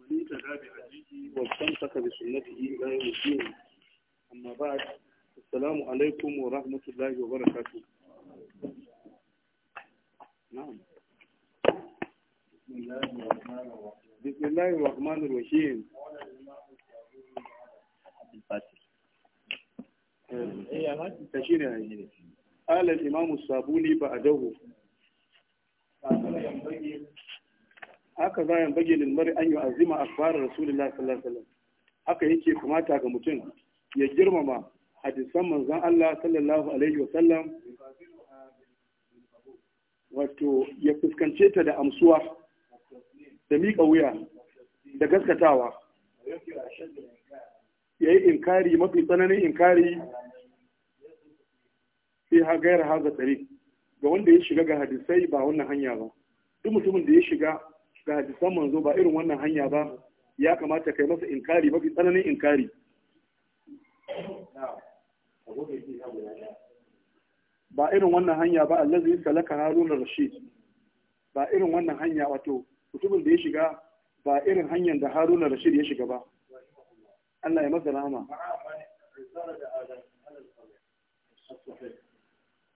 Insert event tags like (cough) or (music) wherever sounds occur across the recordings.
ومن اهتدى بهديه واستمسك بسنته الى يوم الدين اما بعد السلام عليكم ورحمه الله وبركاته نعم بسم الله الرحمن الرحيم قال الإمام الصابوني بعده ينبغي haka za a bage da mara an a fara rasulullah sallallahu alaihi wasallam haka yake kamata ga mutum ya girmama hadisan manzon Allah sallallahu alaihi wasallam wato ya fuskance ta da amsuwa da miƙa wuya da gaskatawa ya yi inkari mafi tsananin inkari sai ha gayar haza tsari ga wanda ya shiga ga hadisai ba wannan hanya ba duk mutumin da ya shiga ga hadisan manzo ba irin wannan hanya ba ya kamata kai masa inkari mafi tsananin inkari ba irin wannan hanya ba allazi salaka haruna rashid ba irin wannan hanya wato mutumin da ya shiga ba irin hanyar da haruna rashid ya shiga ba Allah ya masa rahama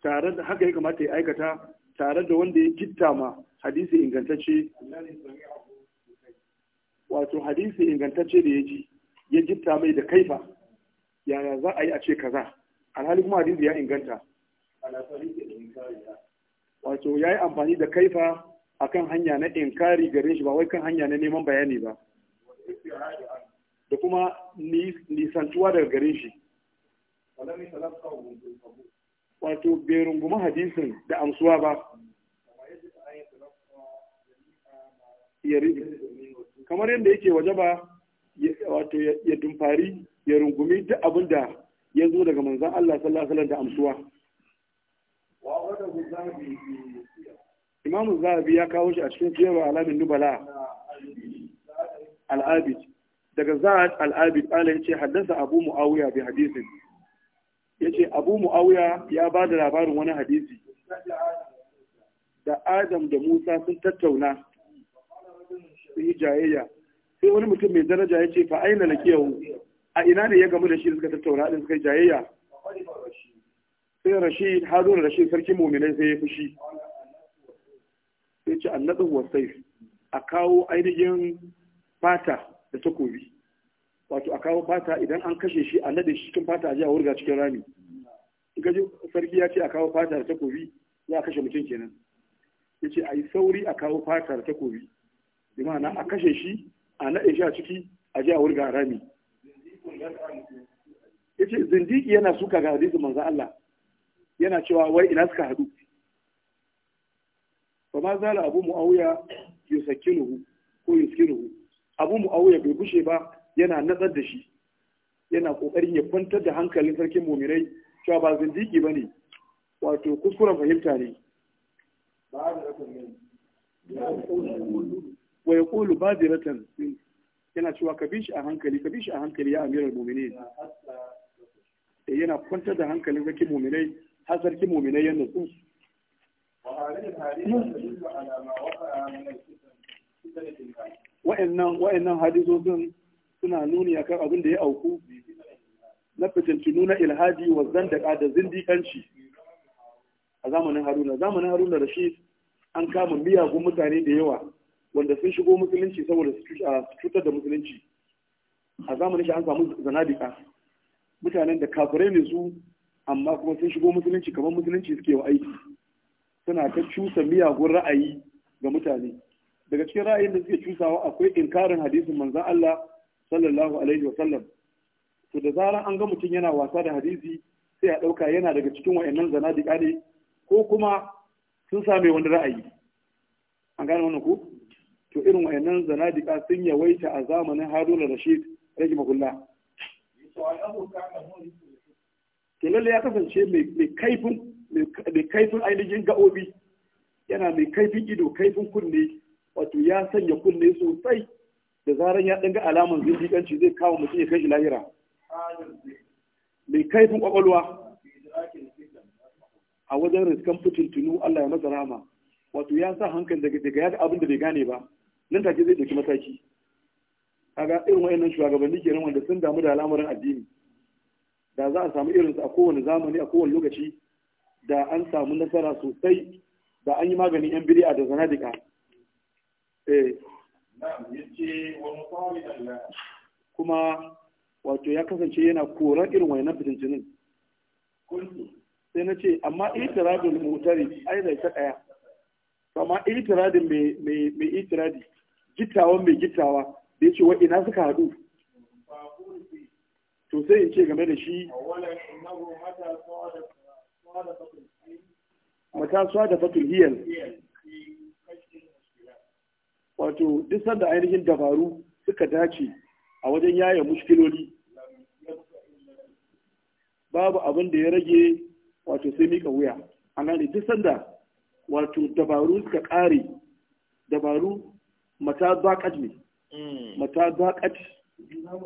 tare da haka ya kamata ya aikata tare da wanda ya gitta ma hadisi ingantacce wato hadisi ingantacce da ya ji ya gitta mai da kaifa yaya za a yi a ce kaza alhali kuma hadisi ya inganta wato ya yi amfani da kaifa akan hanya na inkari gare shi ba wai kan hanya na neman bayani ba da kuma nisantuwa daga gare shi wato bai rungumi hadisin da amsuwa ba kamar yadda yake waje ba wato ya dumfari ya rungumi duk abin da ya zo daga manzan Allah sallallahu alaihi da amsuwa imamu zahabi ya kawo shi a cikin siyarwa alamin nubala al'abid daga za'ad al'abid ala ya ce haddasa abu mu'awiya bi hadisin ya ce abu mu'awiya ya ba da labarin wani hadisi da adam da musa sun tattauna su yi jayayya sai wani mutum mai daraja ya ce fa aina lakiyahu a ina ne ya gamu da shi suka tattauna din suka yi jayayya sai rashid harun rashid sarki muminai sai ya fushi sai ce annabi wasai a kawo ainihin fata da takobi wato a kawo fata idan an kashe shi a nade shi cikin fata a ji a wurga cikin rami in ji sarki ya ce a kawo fata da takobi za a kashe mutum kenan ya ce a yi sauri a kawo fata da takobi bi ma'ana a kashe shi a nade shi a ciki a ji a wurga a rami ya ce zindiki yana suka ga hadisin manzan Allah yana cewa wai ina suka haɗu ba ma zala abu mu'awuya yusakinuhu ko yuskinuhu abu mu'awuya bai bushe ba yana nazar da shi yana kokarin ya kwantar da hankalin sarkin mumirai cewa ba zindiki ne. wato kuskuren fahimta ne wa yaqulu badiratan yana cewa ka bi shi a hankali ka bi shi a hankali ya amiral mu'minin eh, yana kwantar da hankalin sarkin mumirai har sarkin mumirai yana su wa'annan wa'annan hadisosin suna nuni akan abin da ya auku na fitintunu na ilhadi wa zandaka da zindikanci a zamanin haruna zamanin haruna da shi an kama miyagun mutane da yawa wanda sun shigo musulunci saboda su cutar da musulunci a zamanin shi an samu zanadika mutanen da kafirai ne su amma kuma sun shigo musulunci kamar musulunci suke wa aiki suna ta cusa miyagun ra'ayi ga mutane daga cikin ra'ayin da suke cusawa akwai inkarin hadisin manzan Allah sallallahu alaihi wa sallam to da zarar an ga mutum yana wasa da hadisi sai a ɗauka yana daga cikin wa'annan zanadika ne ko kuma sun same wani ra'ayi an gane wannan ku to irin wa'annan zanadika sun yawaita a zamanin haruna rashid rage makulla to lalle ya kasance mai kaifin mai kaifin ainihin gaobi yana mai kaifin ido kaifin kunne wato ya sanya kunne sosai da zarar ya dinga alaman zindiƙanci zai kawo mutum ya kai shi lahira mai kaifin ƙwaƙwalwa a wajen riskan fitintunu Allah ya masa rama wato ya sa hankali daga daga ya ga abin da bai gane ba nan take zai ɗauki mataki kaga irin wayannan shugabanni kenan wanda sun damu da al'amarin addini da za a samu irinsu a kowane zamani a kowane lokaci da an samu nasara sosai da an yi maganin yan bid'a da zanadika eh kuma wato ya kasance yana koran irin wani wayannan fitintinin sai na ce amma itiradin mutari ai zai ta daya amma itiradin mai itiradi gitawan mai gittawa da yace wai ina suka hadu to sai in ce game da shi mata suwa da fatul wato duk sanda ainihin dabaru suka dace a wajen yaya mushkiloli babu abin da ya rage wato sai mika wuya amma ne duk sanda wato dabaru suka kare dabaru mata zaƙat ne mm. mata zaƙat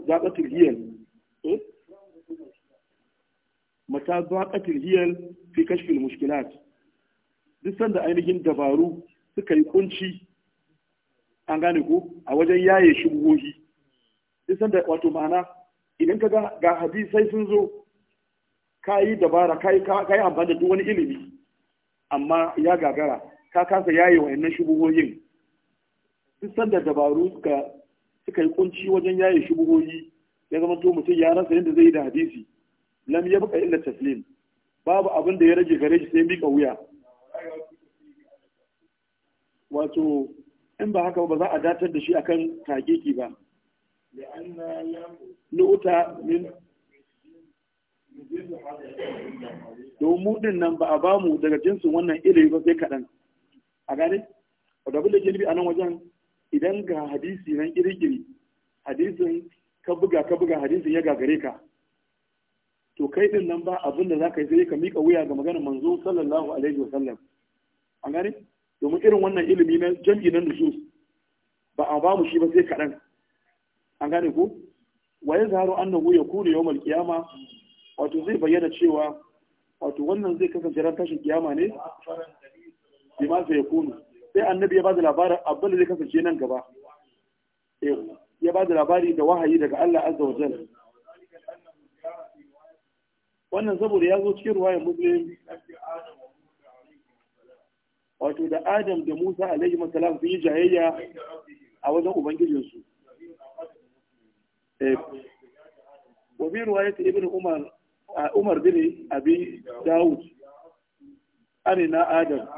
zaƙatul hiyal eh? mata zaƙatul hiyal fi kashfil mushkilat duk sanda ainihin dabaru suka yi kunci an gane ko a wajen yaye shubuhohi isan da wato ma'ana idan ka ga hadisai sun zo ka yi dabara ka yi amfani da wani ilimi amma ya gagara ka kasa yaye wa'annan shubuhohin san da dabaru suka suka yi kunci wajen yaye shubuhohi ya zama to mutum ya rasa yadda zai yi da hadisi lam ya buka illa taslim babu abin da ya rage gare shi sai mika wuya wato in ba haka ba za a datar da shi akan hakiki ba nuta min domin din nan ba a ba mu daga jinsin wannan ilimi ba sai kaɗan a gane dabi da ke nufi a nan wajen idan ga hadisi nan ƙirƙiri hadisin ka buga ka buga hadisin ya gagare ka to kai din nan ba abin da za ka yi sai ka miƙa wuya ga maganar manzo sallallahu alaihi wasallam A gane domin irin wannan ilimi na jam'i na nusus ba a ba mu shi ba sai kaɗan an gane ku. wa ya zaro annahu ya kune yawon qiyama wato zai bayyana cewa wato wannan zai kasance ran tashin kiyama ne bima sai ya kunu sai annabi ya ba da labarin abin da zai kasance nan gaba eh, ya ba da labari da wahayi daga Allah azza wa jalla wannan saboda ya zo cikin ruwayar muslim wato da Adam da Musa alaihi salam sun yi jayayya a wajen ubangijinsu eh, wa ya riwayat ibn Umar Umar bin Abi Dawud na Adam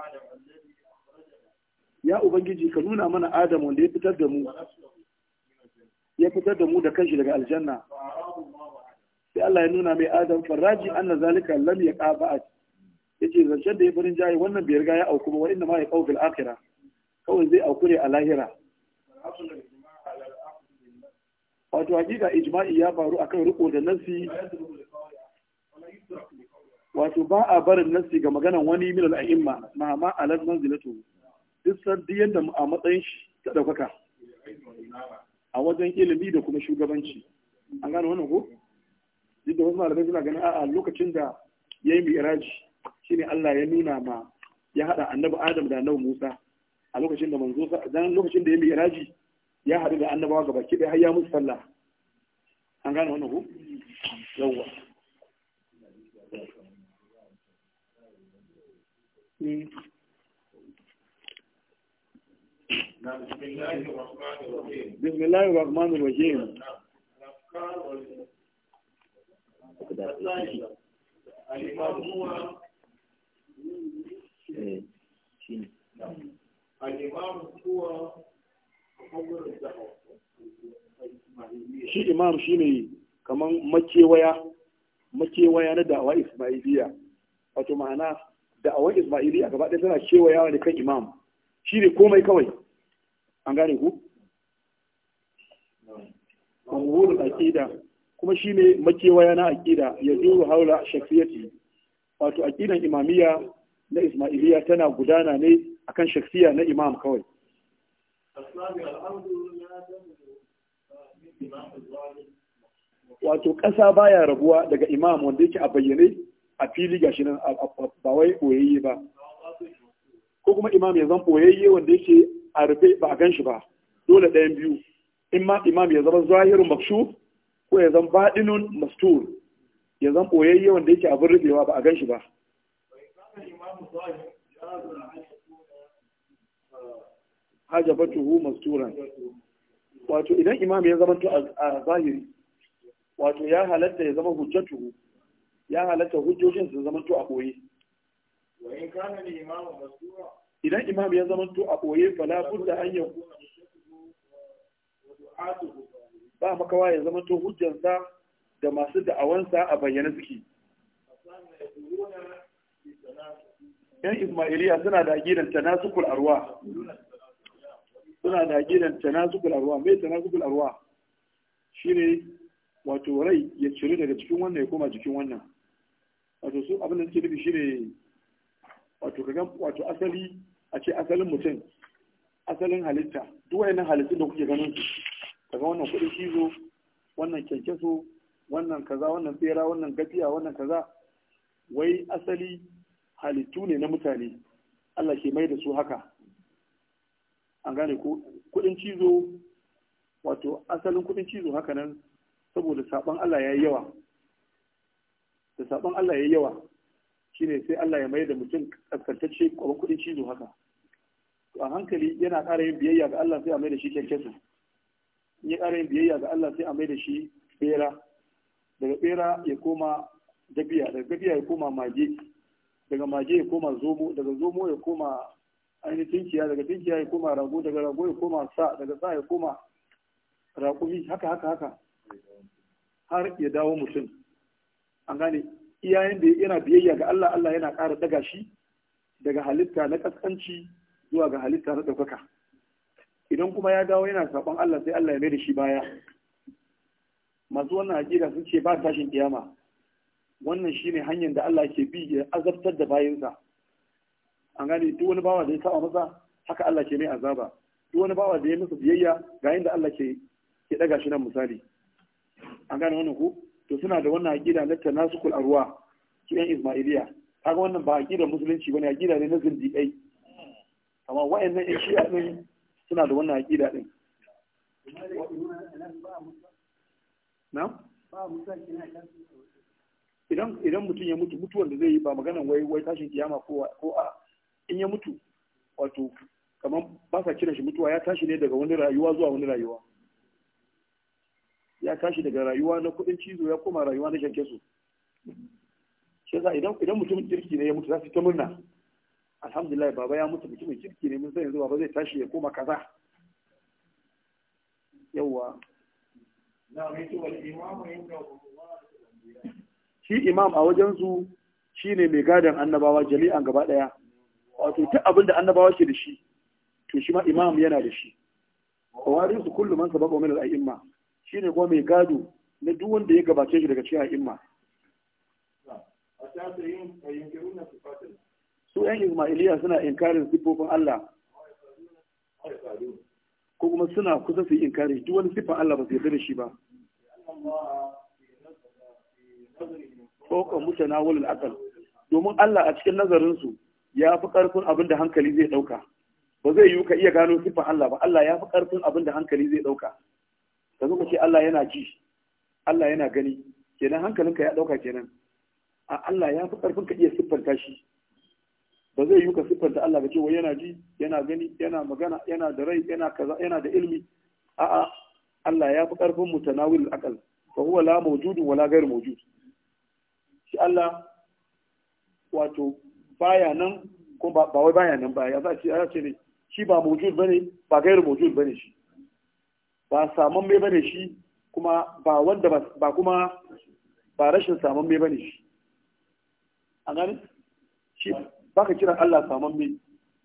ya ubangiji ka nuna mana Adam wanda ya fitar da mu ya fitar da mu da kanshi daga aljanna sai Allah ya nuna mai Adam faraji na zalika lam yaqa ba'd yace zancen da ya farin jaye wannan biyar ga ya auku ba wa'inna ma ya kawo fil akhirah kawai zai auku ne a lahira wato hakika ijma'i ya faru akan riko da nasi wato ba a barin nasi ga maganan wani min a'imma ma ma alad manzilatu duk sadi mu a matsayin shi ta daukaka a wajen ilimi da kuma shugabanci an gane wannan ko duk da wasu malamai suna ganin a'a lokacin da yayi mi'raji shine Allah ya nuna ma ya hada annabi Adam da annabi Musa a lokacin da manzo dan lokacin da ya miraji ya hadu da annabawa gaba ki har ya musu sallah an gane wannan ko yawa بسم الله الرحمن الرحيم بسم الله الرحمن الرحيم Eh, shi imam shi ne kamar makewaya makewaya na da'awa ismailiya wato ma'ana da'awar ismailiya gaba ɗaya tana kewaya wani kan imam shi ne komai kawai an gane ku kuma shi ne makewaya na aƙida ya zuru haula yi. wato aqidan imamiyya na ismailiyya tana gudana ne akan shaksiya na imam kawai wato ƙasa baya rabuwa daga imam wanda yake a bayyane a fili gashi nan ba wai boyayye ba ko kuma imam ya zan boyayye wanda yake a rufe ba a ganshi ba dole ɗayan biyu in ma imam ya zama zahirun makshu ko ya zama baɗinun mastur ya zan boyayye wanda yake abin rufewa ba a gan shi ba hajabatuhu masturan wato idan imam ya zama a zahiri wato ya halatta ya zama hujjatuhu ya halatta hujjojin su zama to a boye idan imam ya zama to a boye fala budda an yau ba makawa ya zama to hujjansa da masu da'awansa a bayyana suke yan ismailiya suna da gidan tanasukul arwa suna da gidan tanasukul arwa mai tanasukul arwa shine wato rai ya ciri daga cikin wannan ya koma jikin wannan wato su abin da suke nufi shine wato kaga wato asali a ce asalin mutum asalin halitta duk wayannan halittun da kuke ganin su kaga wannan kudin kizo wannan kyankyaso wannan kaza wannan tsera, wannan gafiya wannan kaza wai asali halittu ne na mutane Allah ke mai da su haka an gane ko kudin cizo wato asalin kudin cizo haka nan saboda saban Allah ya yi yawa da saban Allah ya yi yawa shine sai Allah ya mai da mutum kaskantacce kwaban kudin cizo haka to a hankali yana ƙara yin biyayya ga Allah sai a mai da shi kyankyasa in ya ƙara yin biyayya ga Allah sai a mai da shi bera daga bera ya koma dabiya daga dabiya ya koma mage daga mage ya koma zomo daga zomo ya koma ainihin tinkiya daga tinkiya ya koma rago daga rago ya koma sa daga sa ya koma raƙumi haka haka haka har ya dawo mutum an gane iyayen da yana biyayya ga Allah Allah yana ƙara daga shi daga halitta na ƙasƙanci zuwa ga halitta na ɗaukaka idan kuma ya dawo yana saɓon Allah sai Allah ya mai da shi baya masu wannan hakika sun ce ba tashin kiyama wannan shine hanyar da Allah ke bi ya azabtar da bayinsa an gane duk wani bawa da ya saba masa haka Allah ke mai azaba duk wani bawa da ya masa biyayya ga inda Allah ke ke daga shi nan misali an gane wannan ku to suna da wannan aƙida na tanasukul arwa kiran ismailiya kaga wannan ba aqidar musulunci bane aqida ne na zindiqai amma wayannan ƴan shi'a din suna da wannan aƙida. din na? idan mutum ya mutu mutuwan da zai yi ba magana wai wai tashin kiyama ko a in ya mutu wato kamar ba sa kiran shi mutuwa ya tashi ne daga wani rayuwa zuwa wani rayuwa ya tashi daga rayuwa na kudin cizo ya koma rayuwa na shanke su shi yasa idan idan mutumin kirki ne ya mutu za su ta murna alhamdulillah baba ya mutu mutumin kirki ne mun san yanzu baba zai tashi ya koma kaza yawwa shi imam a wajensu shi ne mai gadon annabawa jami'an gaba ɗaya wato ta abin da annabawa ke da shi to shi ma imam yana da shi A kawarin su kullum an sababa wani al'imma shi ne kuma mai gado na duk wanda ya gabace shi daga cikin al'imma su yan ismailiya suna inkarin siffofin Allah ko kuma suna kusa su yi inkari duk wani siffan Allah ba su yarda da shi ba fawqa na al akal, domin Allah a cikin nazarin su ya fi karfin abin da hankali zai dauka ba zai yi ka iya gano sifan Allah ba Allah ya fi karfin abin da hankali zai dauka ka zo ka ce Allah yana ji Allah yana gani kenan hankalinka ya dauka kenan a Allah ya fi karfin ka iya siffanta shi ba zai yi ka siffanta Allah ka ce wai yana ji yana gani yana magana yana da rai yana kaza yana da ilmi a'a Allah ya fi ƙarfin mutanawil akal fa huwa la mawjudun wala ghayr mawjud shi Allah wato baya nan ko ba wai baya nan ba ya za shi ya ce ne shi ba mawjud bane ba ghayr mawjud bane shi ba saman mai bane shi kuma ba wanda ba kuma ba rashin saman mai bane shi a gani shi baka kiran Allah saman mai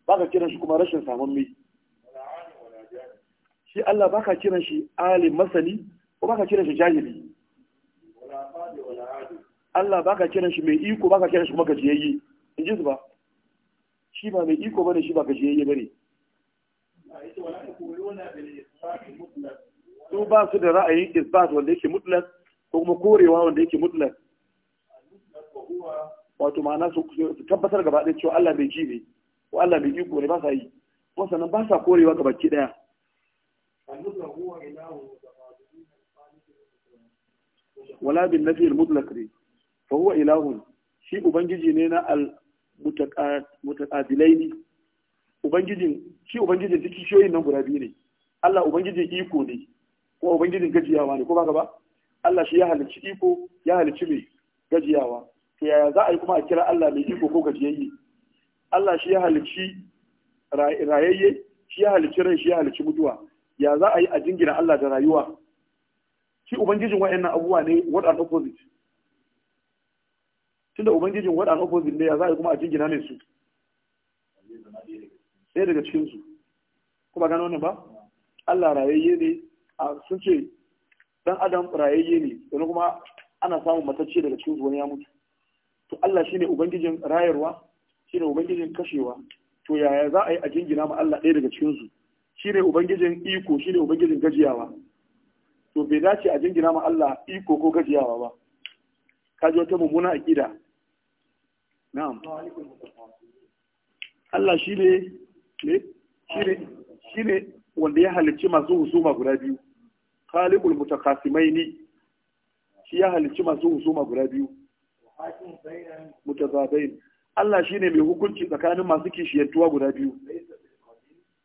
baka kiran shi kuma rashin saman mai shi Allah baka kiran shi alim masani ko baka kiran shi jahili Allah baka kiran shi mai iko baka kiran shi kuma gajiyayye in ji su ba shi ba mai iko bane shi ba gajiyayye bane su ba su da ra'ayin isbat wanda yake mutlak ko kuma korewa wanda yake mutlak wato ma'ana su tabbatar gaba ɗaya cewa Allah mai ji ne ko Allah mai iko ne ba sa yi ko sannan ba sa korewa gaba ki daya المطلق هو إله ولا بالنفي المطلق دي فهو إله شيء أبنجي نينا المتقادلين Ubangijin shi Ubangijin duk kishiyoyin nan guda Allah Ubangijin iko ne kuma Ubangijin gajiyawa ne ko ba ba Allah shi ya halicci iko ya halicci mai gajiyawa Ta yaya za a yi kuma a kira Allah mai iko ko gajiyayye Allah shi ya halicci rayayye shi ya halicci rai shi ya halicci mutuwa ya za a yi a jingina Allah da rayuwa shi ubangijin wa'annan abubuwa ne what an opposite tunda ubangijin what an opposite ne ya za a yi kuma a jingina ne su sai daga cikin su kuma gano ne ba Allah rayayye ne sun ce dan adam rayayye ne wani kuma ana samun matacce daga cikin su wani ya mutu to Allah shine ubangijin rayarwa shine ubangijin kashewa to yaya za a yi a jingina ma Allah ɗaya daga cikin su shine ubangijin iko shine ubangijin gajiyawa to bai dace a jingina ma Allah iko ko gajiyawa ba ji wata mummuna aqida na'am Allah shine ne shine shine wanda ya halicci masu husuma guda biyu khaliqul mutakasimaini shi ya halicci masu husuma guda biyu mutazabain Allah shine mai hukunci tsakanin masu kishiyantuwa guda biyu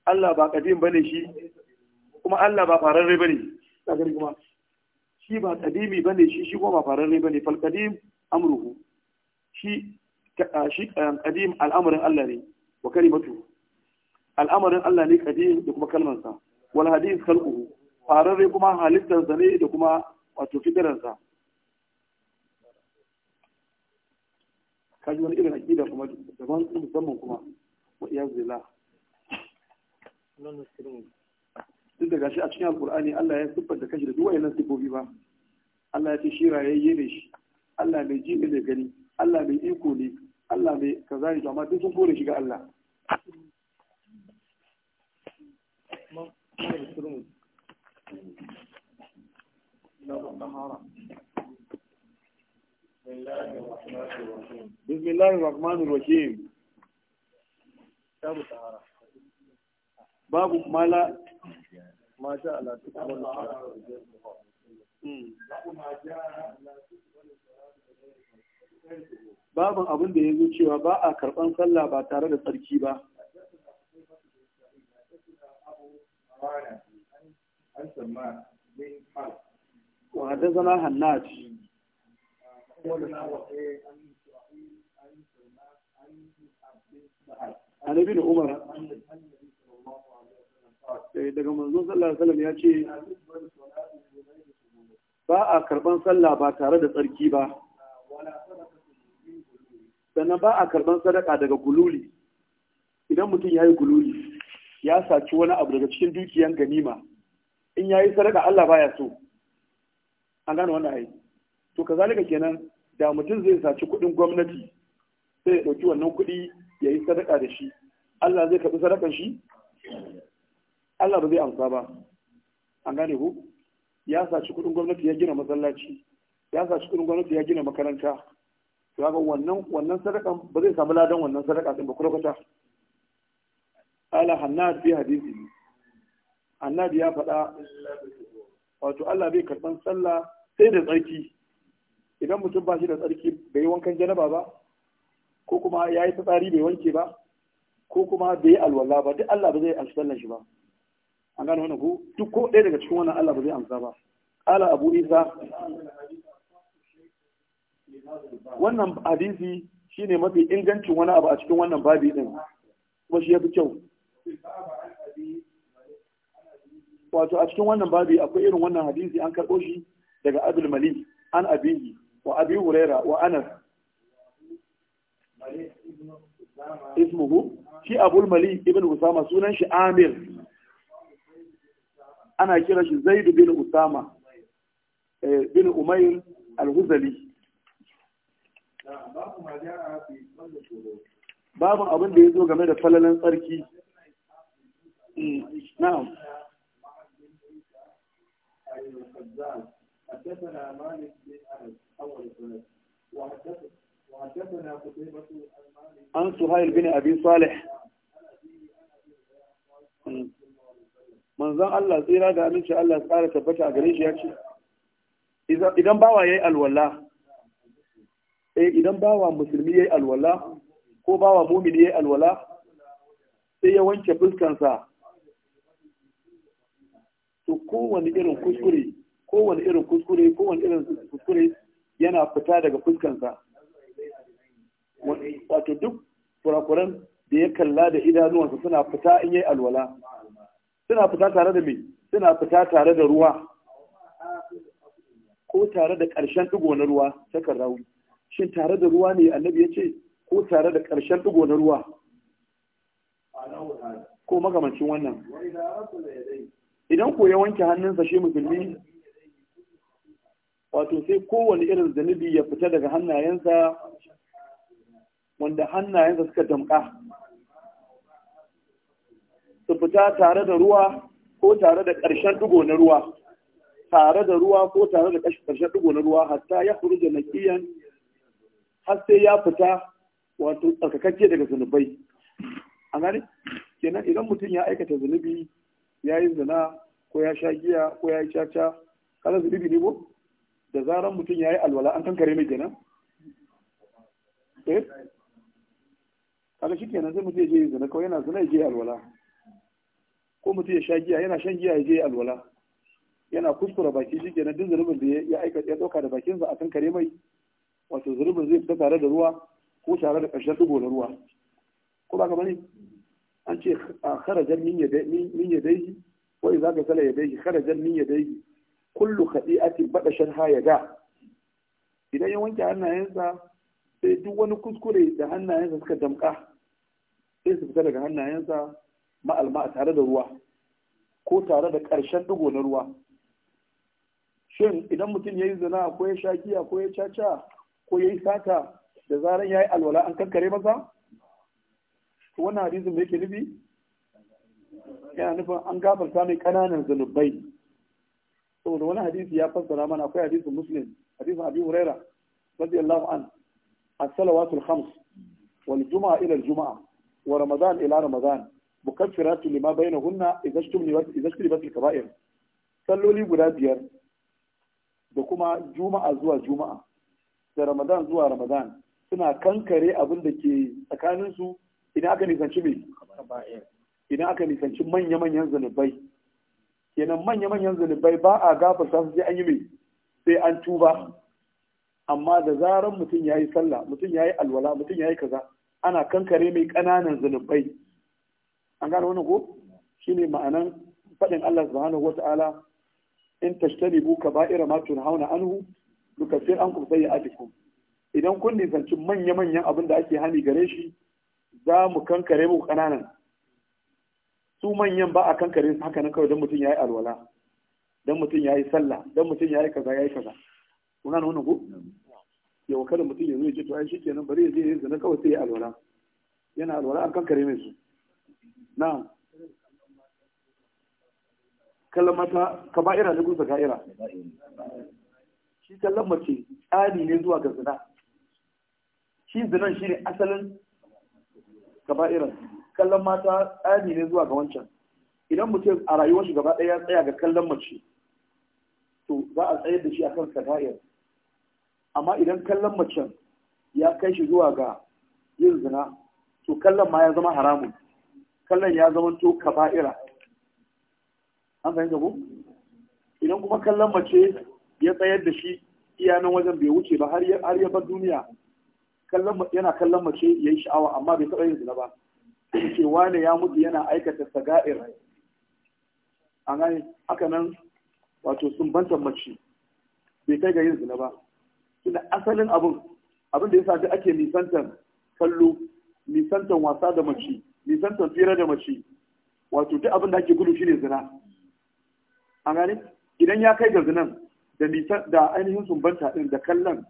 Allah ba kadim bane shi kuma Allah ba fararre bane kaga kuma shi ba kadimi bane shi shi kuma ba fararre bane fal kadim amruhu shi shi um, kadim al'amarin Allah ne wa kalimatu al'amarin Allah ne kadim da kuma kalmansa wal hadis khalquhu fararre kuma halittarsa ne da kuma wato fitararsa kaji wani irin aƙida kuma daban musamman kuma wa iyaz duk da gashi a cikin alkur'ani Allah ya siffanta kashi da duk wayannan sifofi ba Allah ya ce shi rayayye ne shi Allah mai ji ne gani Allah mai iko ne Allah mai kaza ne amma duk sun kore shi ga Allah بسم الله الرحمن الرحيم كتاب الطهارة babu mala masha Allah duk abin da hmm. ya zo cewa ba a karban sallah ba tare da tsarki ba wa haddazana hannaj an da umar Eh, daga manzon sallallahu alaihi wasallam ya ce ba a karban sallah ba tare da tsarki ba sannan ba a karban sadaka daga gululi idan mutum ya yi gululi ya saci wani abu daga cikin dukiyan ganima in ya yi sadaka Allah baya so an gane wannan ai to kazalika kenan da mutum zai saci kuɗin gwamnati sai ya ɗauki wannan kuɗi ya yi sadaka da shi Allah zai karɓi sadakan shi Allah ba zai amsa ba an gane ku ya saci kudin gwamnati ya gina masallaci ya saci kudin gwamnati ya gina makaranta to haka wannan wannan sadakan ba zai samu ladan wannan sadaka din ba kwata ala hannad fi hadisi annabi ya faɗa wato Allah bai karɓan sallah sai da tsarki idan mutum ba shi da tsarki bai yi wankan janaba ba ko kuma ya yi tsari bai wanke ba ko kuma bai yi alwala ba duk Allah ba zai amshi sallan shi ba an gano wannan ku? duk ko ɗaya daga cikin wannan Allah ba zai amsa ba ala abu isa wannan hadisi shine mafi ingancin wani abu a cikin wannan babi din kuma shi yafi kyau wato a cikin wannan babi akwai irin wannan hadisi an karɓo shi daga abul malik an abihi wa abi huraira wa anas ismuhu shi abul malik ibn usama sunan shi amir ana kira shi zaidu bin usama eh, bin umayr al-huzali babu abin da ya zo game da falalan tsarki mm, na'am حدثنا مالك بن انس سهيل بن ابي صالح manzon Allah tsira da aminci Allah tsara tabbata a gare shi ya ce idan bawa yayi alwala eh idan bawa musulmi yayi alwala ko bawa mu'mini yayi alwala sai ya wanke fuskansa to kowane irin kuskure kowane irin kuskure kowane irin kuskure yana fita daga fuskansa wato duk kurakuran da ya kalla da idanuwansa suna fita in yayi alwala suna fita tare da me suna fita tare da ruwa ko tare da ƙarshen ɗigo na ruwa ta rawi shin tare da ruwa ne annabi ya ce ko tare da ƙarshen ɗigo na ruwa ko makamancin wannan idan ko ya wanke hannunsa shi musulmi wato sai kowane irin zanubi ya fita daga hannayensa wanda hannayensa suka damƙa su fita tare da ruwa ko tare da ƙarshen ɗigo na ruwa tare da ruwa ko tare da ƙarshen ɗigo na ruwa hatta ya furu da naƙiyan har sai ya fita wato tsarkakakke daga zunubai a gani kenan idan mutum ya aikata zunubi ya yi zina ko ya sha giya ko ya yi caca kada zunubi ne ko da zaran mutum ya yi alwala an kankare mai kenan eh kaga shi kenan sai mutum ya je zina kawai yana zina ya je alwala mutum ya sha giya yana shan giya ya je alwala yana kuskura baki shi kenan duk zurubin da ya aika ya dauka da bakinsa a kan kare mai wato zurubin zai fita tare da ruwa ko tare da karshen dubo da ruwa ko ba ka bane an ce a kharajan min ya dai wai za ka sala ya dai kharajan min ya daiji kullu khadi'atin bada sharha ya ga idan ya wanke hannayensa sai duk wani kuskure da hannayensa suka damka sai su fita daga hannayensa ma'alma a tare da ruwa ko tare da ƙarshen digo na ruwa shin idan mutum ya yi zina ko ya sha giya ko ya caca ko ya yi sata da zaran ya yi alwala an kankare masa wannan hadisin da yake nufi yana nufin an gafarta mai kananan zunubai saboda wani hadisi ya fassara mana akwai hadisin muslim hadisin abi huraira radiyallahu an as-salawatul khams wal juma'a ila al-juma'a wa ramadan ila ramadan mukaffiratu lima bainahunna idza shtunibat kaba'ir salloli guda biyar da kuma juma'a zuwa juma'a da ramadan zuwa ramadan suna kankare abin da ke tsakanin su idan aka nisanci me idan aka nisanci manya-manyan zanubai kenan manya-manyan zanubai ba a gafarta su sai an yi me sai an tuba amma da zaran mutum ya yi sallah mutum ya yi alwala mutum ya yi kaza ana kankare mai ƙananan zanubai an gano wani ko shine ma'anan faɗin Allah subhanahu wata'ala in ba, ira, ma tunhauna anhu nukaffir ankum adikun. idan kun nisanci manya-manyan abin da ake hani gare shi za mu kankare mu kananan su manyan ba a kankare su haka nan kawai don mutum ya yi alwala don mutum ya yi sallah don mutum ya yi kaza ya yi kaza kuna na ku ko yau kada mutum ya zo ya ce to ai kenan bari ya je ya na kawai sai ya alwala yana alwala an kankare mai su na'am kallon mata kaba'ira da gusa ka'ira shi kallon mace tsari ne zuwa ga zina shi zinan shi ne asalin kaba'iran kallon mata tsari ne zuwa ga wancan idan mutum a rayuwar shi gaba ɗaya tsaya ga kallon mace to za a tsayar da shi akan kaba'ir amma idan kallon macen ya kai shi zuwa ga yin zina to kallon ma ya zama haramun kallon ya zama to kaba'ira an fahimta ko idan kuma kallon mace ya tsayar da shi iya nan wajen bai wuce ba har ya bar duniya yana kallon mace ya yi sha'awa amma bai taɓa yin zina ba ce wane ya mutu yana aikata saga'ir an gane haka nan wato sun banta mace bai kai ga yin zina ba tunda asalin abin abin da ya sa ake nisantan kallo nisantan wasa da mace nisan tasira da mace wato duk abin da ake gudu shine zina an gani, idan ya kai ga zinan da nisan da ainihin sumbanta din da kallon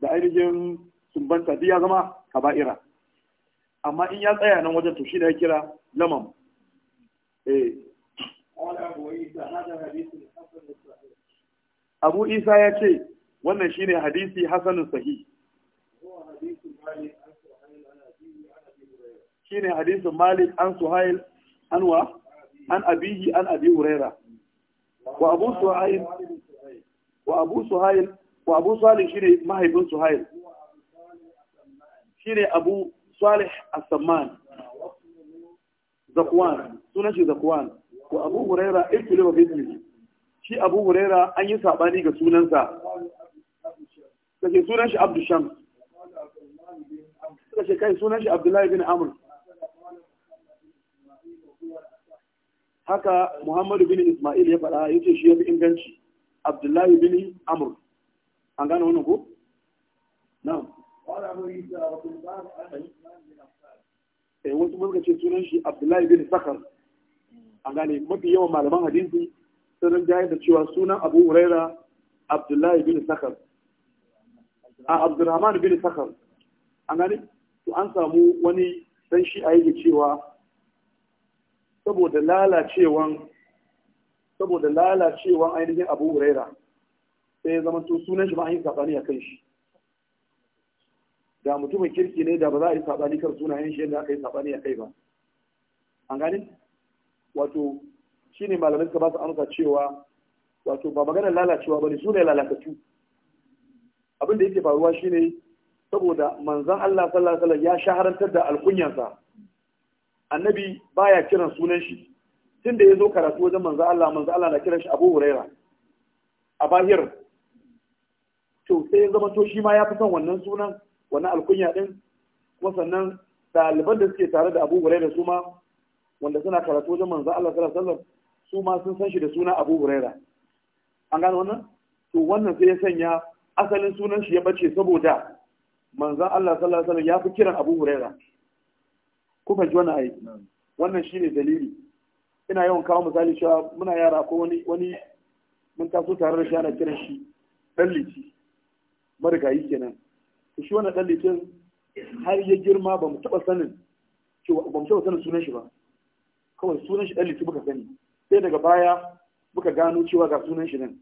da ainihin sumbanta duk ya zama kaba'ira amma in ya tsaya nan wajen to shi ne ya kira lamam eh Abu Isa ya ce wannan shine hadisi hasanun sahih shine hadisin Malik an Suhail anwa an abihi an abi Huraira wa Abu Suhail wa Abu Suhail wa Abu Salih shine mahaifin Suhail shine Abu Salih As-Samman Zakwan sunan shi Zakwan wa Abu Huraira ibn Abi ismihi shi Abu Huraira an yi sabani ga sunansa kace sunan shi Abdul Shams kace kai sunan shi Abdullahi bin Amr haka muhammadu bin ismail ya faɗa ya ce shi ya fi inganci abdullahi bin amur an gane wannan ko na'am eh wasu mun ce sunan shi abdullahi bin sakar an gane mafi yawan malaman hadisi sun rinjaye da cewa sunan abu huraira abdullahi bin sakar a abdurrahman bin sakar an gane to an samu wani dan shi a yake cewa saboda lalacewan saboda lalacewan ainihin abu huraira sai ya zama to sunan shi ba an yi saɓani a kan shi da mutumin kirki ne da ba za a yi saɓani kan sunayen shi yadda aka yi saɓani a kai ba an gani wato shine malamin malamai suka ba su amsa cewa wato ba maganar lalacewa ba ne su lalakatu abin da yake faruwa shine saboda manzan Allah sallallahu alaihi wasallam ya shaharantar da alkunyansa annabi baya kiran sunan shi tun da ya zo karatu wajen manzo Allah manzo Allah na kiran shi Abu Huraira a bahir to sai ya zama to shi ma ya fi son wannan sunan wannan alkunya din kuma sannan ɗaliban da suke tare da Abu Huraira su ma wanda suna karatu wajen manzo Allah sallallahu alaihi wasallam su ma sun san shi da sunan Abu Huraira an gano wannan to wannan sai ya sanya asalin sunan shi ya bace saboda manzo Allah sallallahu alaihi wasallam ya fi kiran Abu Huraira kuka ji wani aiki. wannan shi ne dalili ina yawan kawo misali cewa muna yara ko wani wani mun taso tare da shi ana kiran shi Ɗan liti marigayi kenan to shi wannan ɗan litin har ya girma ba mu taba sanin cewa ba mu taba sanin sunan shi ba kawai sunan shi ɗan liti muka sani sai daga baya muka gano cewa ga sunan shi nan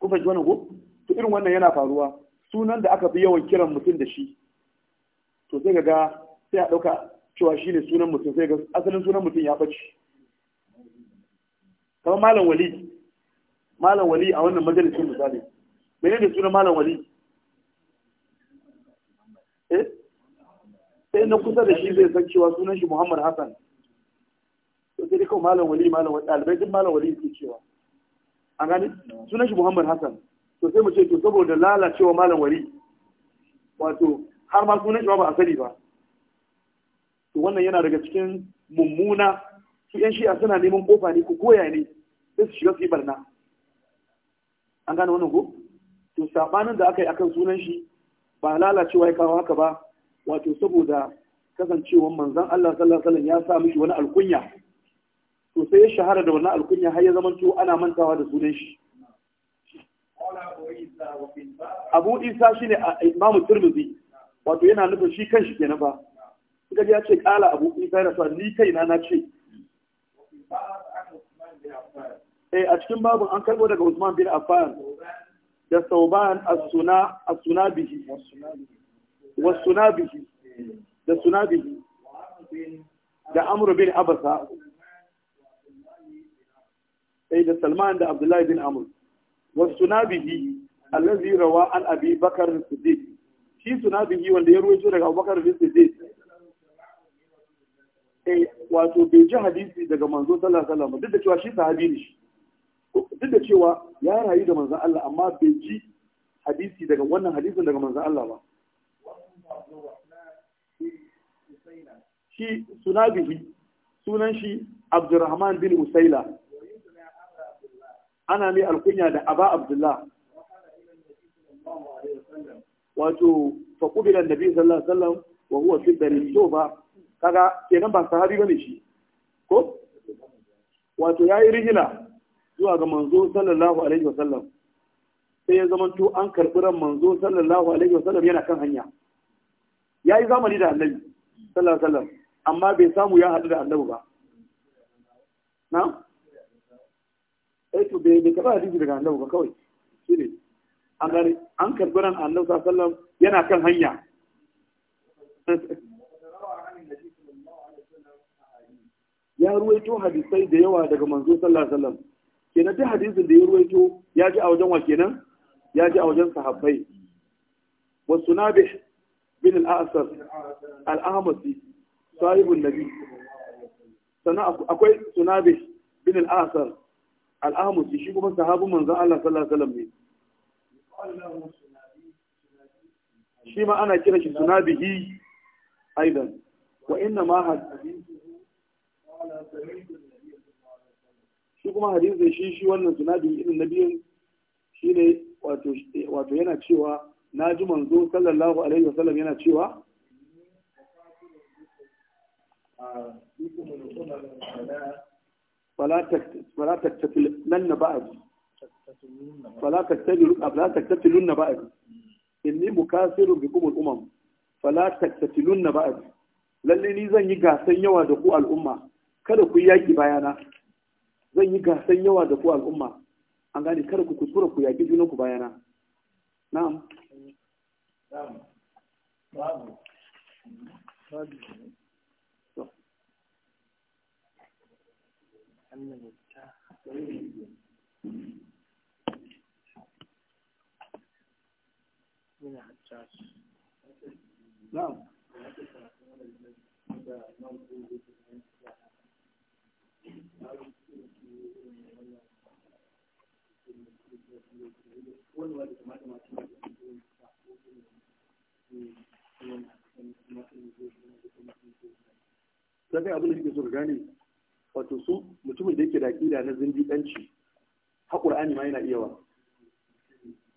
Kuka ji wannan ko to irin wannan yana faruwa sunan da aka fi yawan kiran mutum da shi to sai ga sai a ɗauka cewa shi ne sunan mutum sai ga asalin sunan mutum ya ɓace kamar malam wali malam wali a wannan majalisun misali mene ne sunan malam wali eh sai na kusa da shi zai san cewa sunan shi muhammad hassan to sai kawai malam wali malam wali ɗalibai duk malam wali suke cewa an gani sunan shi muhammad hassan to sai mu ce to saboda lalacewa malam wali wato har ma sunan shi ba a sani ba to wannan yana daga cikin mummuna su yan shi'a suna neman kofa ne ko koya ne sai su shiga su yi barna an gane wannan ko to sabanin da aka yi akan sunan shi ba lalacewa ya kawo haka ba wato saboda kasancewan manzon Allah sallallahu alaihi ya sa mishi wani alkunya to sai ya shahara da wannan alkunya har ya zamanto ana mantawa da sunan shi Abu Isa shine Imam Tirmidhi wato yana nufin shi kanshi kenan ba kaji ya ce kala abu isa na sa ni kai na ce eh a cikin babu an karbo daga Usman bin Affan da Sauban as-Suna as-Suna bihi was-Suna bihi da Suna bihi da Amr bin Abasa eh da Salman da Abdullahi bin Amr was-Suna bihi allazi rawa an Abi Bakar as-Siddiq shi Suna bihi wanda ya ruwaito daga Abu bin siddiq Eh, wato bai ji hadisi daga manzo sallallahu alaihi wasallam duk da cewa shi sahabi ne shi duk da cewa ya rayu da manzo Allah amma bai ji hadisi daga wannan hadisin daga manzo Allah ba shi sunabihi sunan shi Abdurrahman bin Usaila ana mai alkunya da Aba Abdullah wato fa qubila nabi sallallahu alaihi wasallam wa huwa fi dariqi ba kaga kenan ba sahabi bane shi ko wato yayi rigila zuwa ga manzo sallallahu alaihi wasallam sai ya zama to an karbi ran manzo sallallahu alaihi wasallam yana kan hanya yayi zamani da annabi sallallahu alaihi wasallam amma bai samu ya hadu da annabi ba na eh to bai bai karba hadisi daga annabi ba kawai shine an gari an karbi ran annabi sallallahu alaihi wasallam yana kan hanya (laughs) ya ruwaito hadisai da yawa daga manzo sallallahu alaihi wasallam kenan duk hadisin da ya ruwaito ya ji a wajen wa kenan ya ji a wajen sahabbai wa sunabih bin al-asar al-ahmasi sahibun nabi sannan akwai sunabih bin al-asar al-ahmasi shi kuma sahabin manzo Allah sallallahu alaihi wasallam ne shi ma ana kira shi sunabihi aidan wa inna ma hadisi shi kuma hadisi shi shi wannan sunadin irin na biyun shi ne wato yana cewa na ji manzo sallallahu alaihi wasallam yana cewa فلا تكتفلن na فلا تكتفلن بعد na ba'adi inni mukasirun bikum al'umam fala taktatilun na ba'adi lalle ni zan yi gasan yawa da ku al'umma kada ku yi yaƙi bayana zan yi gasan yawa da ku al'umma an gane kada ku kuskura ku yaƙi junan ku bayana na'am Zaga abin da suke so gane wato su mutumin da yake da ƙila na zindiƙanci haƙur'ani ma yana iya wa.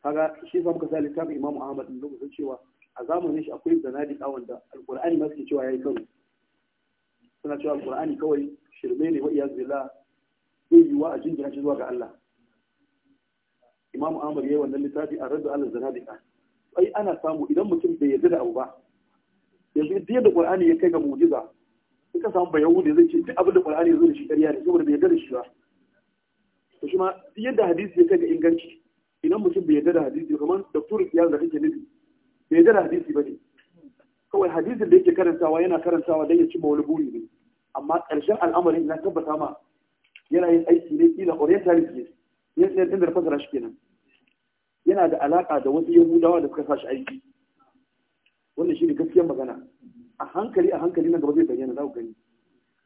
Kaga shi sa muka sa littafin Imam Ahmad din lokacin cewa a zamanin shi akwai zanadi zanadiƙa da. alƙur'ani ma suke cewa ya yi karo. Suna cewa alƙur'ani kawai shirme ne wa iyaz zai yi wa a jingina shi zuwa ga Allah Imam Ahmad yayi wannan littafi a raddu Allah zanadika ai ana samu idan mutum bai yarda da abu ba yanzu duk da Qur'ani ya kai ga mu'jiza in ka samu bayan da zai ce duk abin da Qur'ani ya zo da shi ƙarya ne saboda bai yarda da shi ba to shi ma duk yadda hadisi ya kai ga inganci idan mutum bai yarda da hadisi kamar Dr. Iyaz da kake nufi bai yarda da hadisi ba ne. kawai hadisin da yake karantawa yana karantawa don ya cimma wani buri ne amma ƙarshen al'amarin na tabbata ma yana yin aiki ne kila orientalist ne yin sayar inda fasara shi kenan yana da alaƙa da wasu yahudawa da suka sa shi aiki wanda shi ne gaskiyar magana a hankali a hankali na gaba zai bayyana za ku gani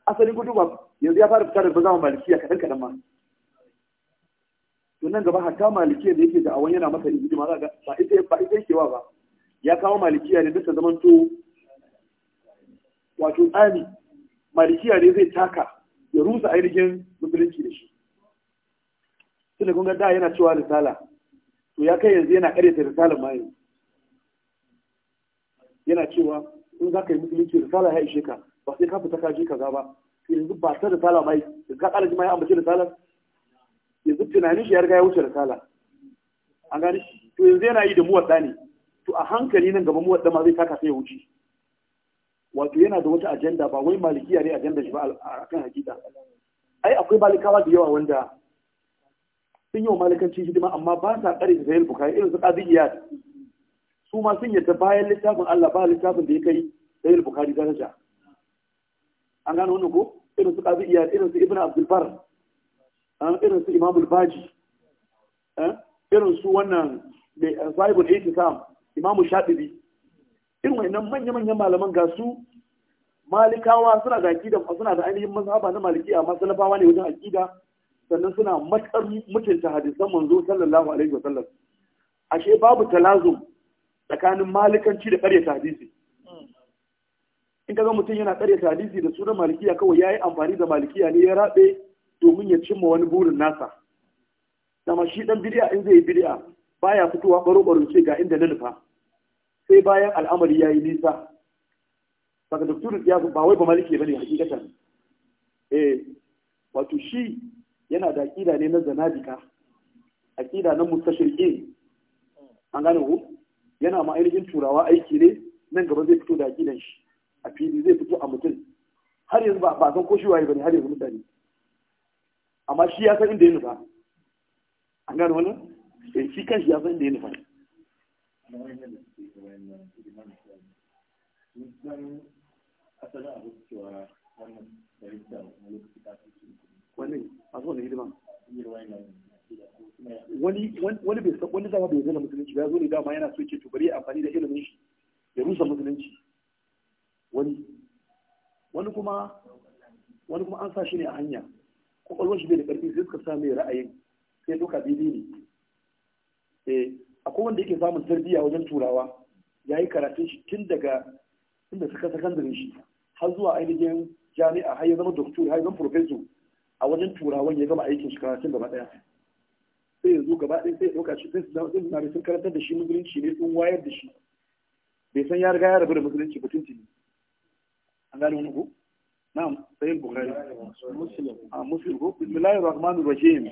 asali gudu ba yanzu ya fara fitar da bazama malikiya kaɗan kaɗan ma to nan gaba hatta malikiya da yake da awon yana masa hidima ba ita ba ita yake wa ba ya kawo malikiya ne duka zaman to wato tsami? malikiya ne zai taka ya rusa ainihin musulunci da shi tunda kun ga da yana cewa risala to ya kai yanzu yana karyata risala ma yanzu yana cewa in za ka yi musulunci risala ya ishe ka ba sai ka fita ka je kaza ba yanzu ba ta risala mai da ka ƙara jima ya ambaci risala yanzu tunanin shi ya riga ya wuce risala an gani to yanzu yana yi da muwadda ne to a hankali nan gaba muwadda ma zai taka sai ya wuce wato yana da wata ajanda ba wai malikiya ne ajanda shi ba a kan hakika ai akwai malikawa da yawa wanda sun yi wa malikanci hidima amma ba sa ƙari da sahih bukari irin su qadiyya su ma sun yadda bayan littafin Allah ba littafin da ya kai sahih bukhari daraja an gano wannan ko irin su qadiyya irin su Ibn abdul eh, irin su imamul baji eh, irin su wannan eh, sahibul itisam imamu Shaɗibi. In wannan manya-manyan malaman ga su malikawa suna da akida suna da ainihin mazhaba na maliki, amma salafawa ne wajen aƙida, sannan suna matsar mutunta hadisan manzo sallallahu alaihi wa sallam ashe babu talazum tsakanin malikanci da ƙaryata hadisi in ka ga mutum yana ƙaryata hadisi da sunan malikiya kawai ya yi amfani da malikiya ne ya raɓe domin ya cimma wani burin nasa dama shi ɗan bidiya in zai yi bidiya baya fitowa ɓaro ɓaro ce ga inda na nufa sai bayan al'amari ya yi nisa saka doktorin ya ba wai ba maliki ba ne hakikatan eh wato shi yana da aƙida ne na zanadika aƙida na mustashirƙin an gane ku yana ma ainihin turawa aiki ne nan gaba zai fito da aƙidan shi a fili zai fito a mutum har yanzu ba san ko shi waye bane har yanzu mutane amma shi ya san inda ya nufa an gane wannan eh, shi kan shi ya san inda ya nufa a wani a zo wani wani bai san wani zana musulunci ba ya zo ne dama yana so ce to bari amfani da ilimin shi ya rusa musulunci wani wani kuma an sa shi ne a hanya kwakwalwar shi bai da ƙarfi sai suka sa mai ra'ayin sai doka bibi ne eh, akwai wanda yake samun tarbiyya wajen turawa ya yi karatun shi tun daga inda suka sakandare shi har zuwa ainihin jami'a har ya zama doktor har ya zama profeso a wajen turawan ya gama aikin shi karatun gaba daya sai ya zo gaba ɗaya sai ya ɗauka shi sai su zama sun sun karantar da shi musulunci ne sun wayar da shi bai san ya riga ya rabu da musulunci tun tuni an gane wani ku na'am sayyid bukhari muslim a ah, muslim ko bismillahir rahmanir rahim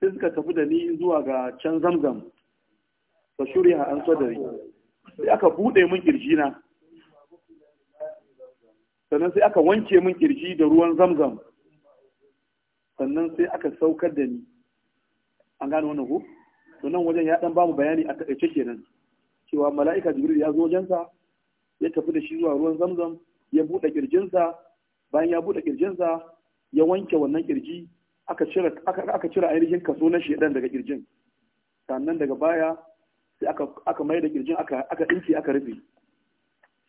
sai suka tafi da ni zuwa ga can zamzam shirya a an sadari sai aka bude min kirji na sannan sai aka wanke min kirji da ruwan zamzam sannan sai aka saukar da ni an gane wannan ku? Sannan wajen ya dan bamu bayani a takaice kenan cewa mala'ika jibril ya zo wajensa ya tafi da shi zuwa ruwan zamzam ya bude kirjinsa bayan ya bude kirjinsa ya wanke wannan kirji aka cire ainihin kaso na shedan daga kirjin sannan daga baya sai aka mai da kirjin aka ɗinki dinki aka rufe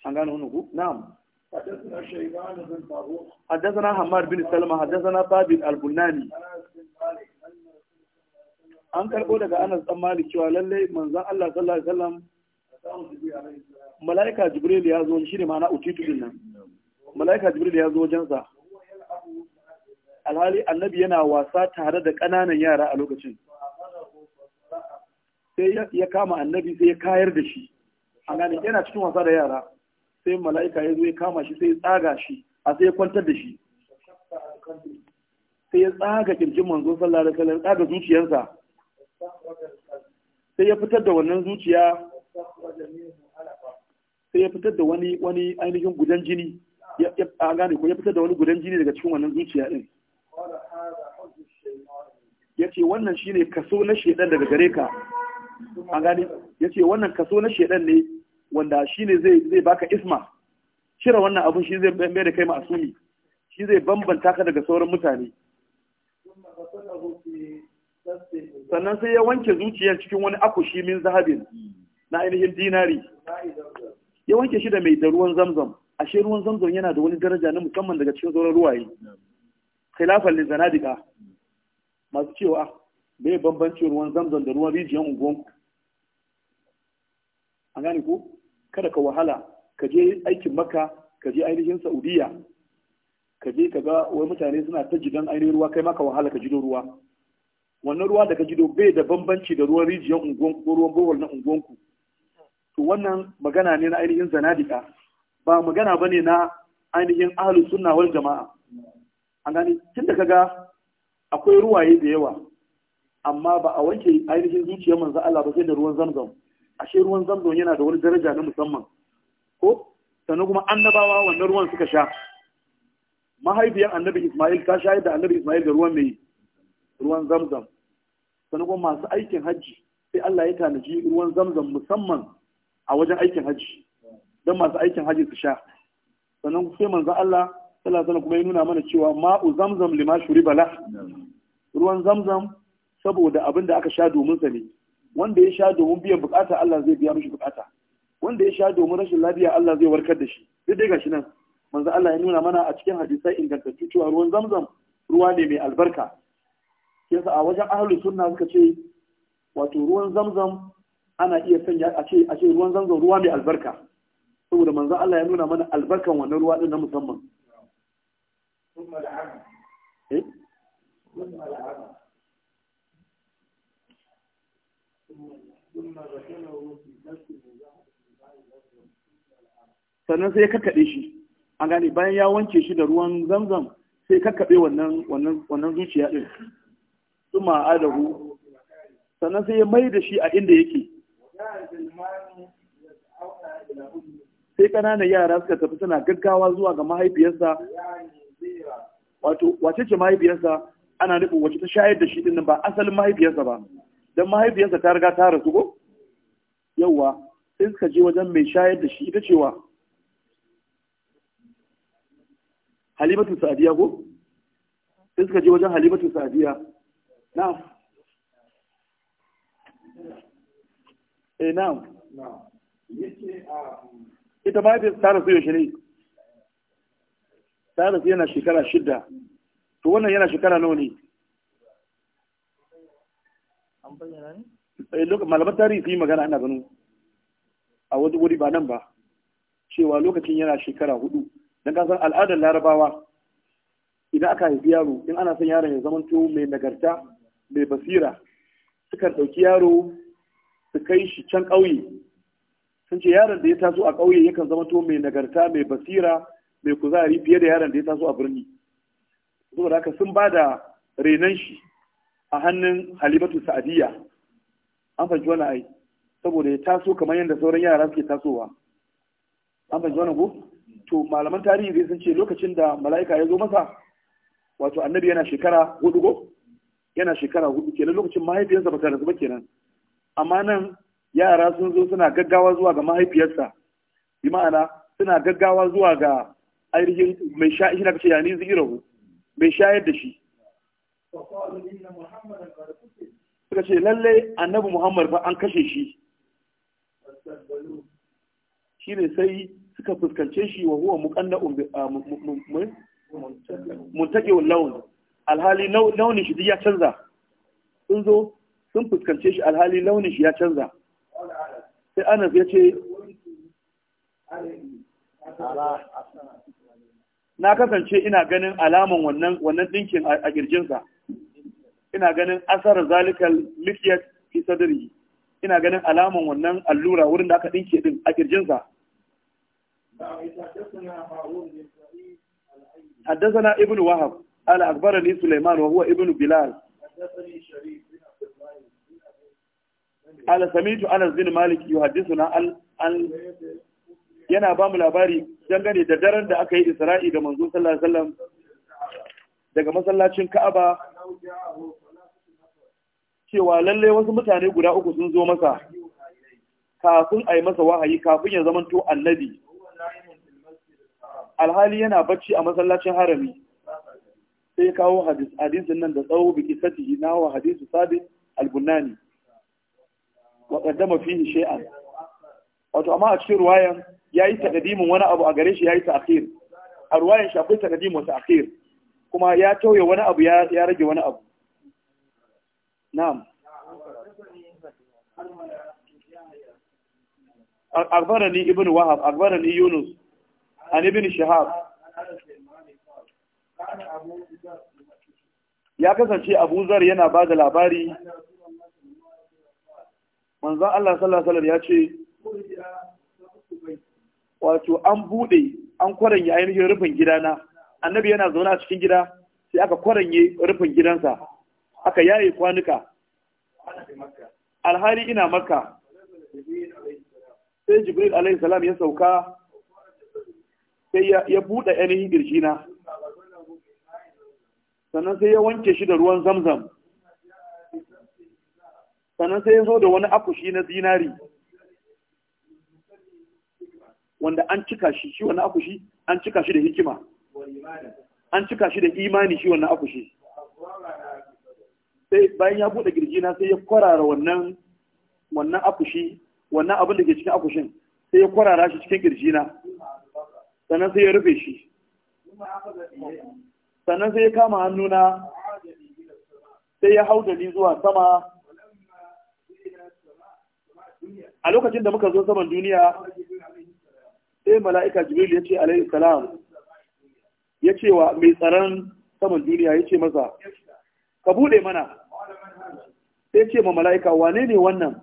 an gane wani hukun na'am حدثنا شيبان بن طاووس حدثنا حماد بن an karɓo daga anas dan malik cewa lalle manzan Allah sallallahu alaihi wasallam malaika jibril ya zo shi ne ma'ana utitu din nan malaika jibril ya zo wajensa. alhali annabi yana wasa tare da ƙananan yara a lokacin sai ya kama annabi sai ya kayar da shi a gane yana cikin wasa da yara sai mala'ika ya zo ya kama shi sai ya tsaga shi a sai ya kwantar da shi sai ya tsaga kirjin manzo sallallahu alaihi wasallam tsaga zuciyarsa sai ya fitar da wannan zuciya sai ya fitar da wani wani ainihin gudan jini ya gane ko ya fitar da wani gudan jini daga cikin wannan zuciya din ya ce wannan shi ne kaso na shaidan daga gare ka an gani ya ce wannan kaso na shaidan ne wanda shi ne zai baka isma cire wannan abin shi zai mai da kai ma'asumi shi zai bambanta ka daga sauran mutane sannan sai ya wanke zuciyar cikin wani akushi min zahabin na ainihin dinari ya wanke shi da mai da ruwan zamzam ashe ruwan zamzam yana da wani daraja na musamman daga cikin sauran ruwaye khilafan li zanadika masu cewa bai bambanci ruwan zamzam da ruwan rijiyar unguwanku an gane ku kada ka wahala ka je aikin maka ka je ainihin saudiya ka je ka ga wai mutane suna ta jidan ainihin ruwa kai maka wahala ka jido ruwa wannan ruwa da ka jido bai da bambanci da ruwan rijiyar unguwanku ko ruwan bohol na unguwanku to wannan magana ne na ainihin zanadika ba magana bane na ainihin ahlus sunna wal jama'a an gani tun da kaga akwai ruwaye da yawa amma ba a wanke ainihin zuciyar manzo Allah ba sai da ruwan zamzam ashe ruwan zamzam yana da wani daraja na musamman ko sannan kuma annabawa wannan ruwan suka sha mahaifiyar annabi Ismail ta shayar da annabi Ismail da ruwan mai ruwan zamzam sannan kuma masu aikin hajji sai Allah ya tanaji ruwan zamzam musamman a wajen aikin hajji don masu aikin hajji su sha sannan sai manzo Allah sallallahu kuma ya nuna mana cewa ma'u zamzam lima shuri bala ruwan zamzam saboda abin da aka sha domin sa ne wanda ya sha domin biyan bukata Allah zai biya mishi bukata wanda ya sha domin rashin lafiya Allah zai warkar da shi duk dai gashi nan manzo Allah ya nuna mana a cikin hadisai ingantattu cewa ruwan zamzam ruwa ne mai albarka yasa a wajen ahlus sunna suka ce wato ruwan zamzam ana iya sanya a ce a ce ruwan zamzam ruwa mai albarka saboda manzo Allah ya nuna mana albarkan wannan ruwa din na musamman sannan sai ya kakkaɓe shi an gane bayan ya wanke shi da ruwan zamzam sai ya kakkaɓe wannan zuciya ɗin sun ma'adahu sannan sai ya mai da shi a inda yake sai ƙananan yara suka tafi suna gaggawa zuwa ga mahaifiyarsa wato wace ce mahaifiyarsa ana nufin wace ta shayar da shi din ba asalin mahaifiyarsa ba dan mahaifiyarsa ta riga ta rasu ko yawa sai suka je wajen mai shayar da shi ita cewa halimatu sa'adiya ko sai suka je wajen halimatu sa'adiya na eh na'am um, ita mahaifiyarsa ta rasu yaushe ne Sa’adatu yana shekara shida to wannan yana shekara nau ne eh, malaman tarihi yi magana ana ganin a wani wuri ba nan ba cewa lokacin yana shekara hudu don kasar al'adar larabawa idan aka haifi yaro in ana son yaron ya zamanto mai nagarta mai basira sukan ɗauki yaro su kai shi can ƙauye sun ce yaron da ya taso a ƙauye yakan zamanto mai nagarta mai basira mai kuzari fiye da yaron da ya taso a birni saboda haka sun ba da renan shi a hannun halimatu sa'adiyya an fahimci wani ai saboda ya taso kamar yadda sauran yara suke tasowa an fahimci wani ko to malaman tarihi zai sun ce lokacin da mala'ika ya zo masa wato annabi yana shekara hudu ko yana shekara hudu kenan lokacin mahaifiyarsa ba ta rasu ba kenan amma nan yara sun zo suna gaggawa zuwa ga mahaifiyarsa bi ma'ana suna gaggawa zuwa ga ainihin mai sha shi na ni yani zikirahu mai shayar da shi suka ce lallai annabi muhammad ba an kashe shi shi ne sai suka fuskance shi wa huwa muƙanna ah, muntake launi. alhali launin shi ya canza sun zo sun fuskance shi alhali launin shi ya canza sai anas ya ce na kasance ina ganin alaman wannan wannan dinkin a kirjinsa ina ganin asar zalikal liqyat fi sadri ina ganin alaman wannan allura wurin da aka dinke din a kirjinsa حدثنا ابن وهب قال اخبرني سليمان وهو ابن بلال قال سميت انس بن مالك يحدثنا عن yana ba mu labari dangane da daren da aka yi isra'i da manzo sallallahu alaihi wasallam daga masallacin ka'aba cewa lalle wasu mutane guda uku sun zo masa kafin a yi masa wahayi kafin ya zamanto annabi alhali yana bacci a masallacin harami sai ya kawo hadisin nan da tsawo biki sati na wa hadisu al albunani wa kaddama fihi shay'an wato amma a cikin ruwayan Ya yi taɗadimin wani abu a gare shi yi ta'khir a ruwayan shi akwai taɗadimin wasu ta'khir kuma ya tauye wani abu ya rage wani abu na'am أخبرني Ibn Wahab, أخبرني Yunus, an Ibn shahab ya kasance abu zar yana ba da labari manzan Allah sallallahu ya ce wato an buɗe an kwaranye ainihin rufin gidana annabi yana zaune a cikin gida sai aka kwaranye rufin gidansa aka yaye kwanuka alhali ina makka sai jibril alaihi salam ya sauka sai ya buɗe ainihin na. sannan sai ya wanke shi da ruwan zamzam sannan sai ya zo da wani akushi na zinari wanda an cika shi shi wannan akushi an cika shi da hikima an cika shi da imani shi wannan akushi sai bayan ya bude girji na sai ya kwarara wannan wannan akushi wannan abin da ke cikin akushin sai ya kwarara shi cikin girji na sannan sai ya rufe shi sannan sai ya kama hannuna sai ya hau da ni zuwa sama a lokacin da muka zo saman duniya sai mala'ika jibril ya ce alaihi salam ya ce wa mai tsaron saman duniya ya ce masa ka bude mana sai ce ma mala'ika wane ne wannan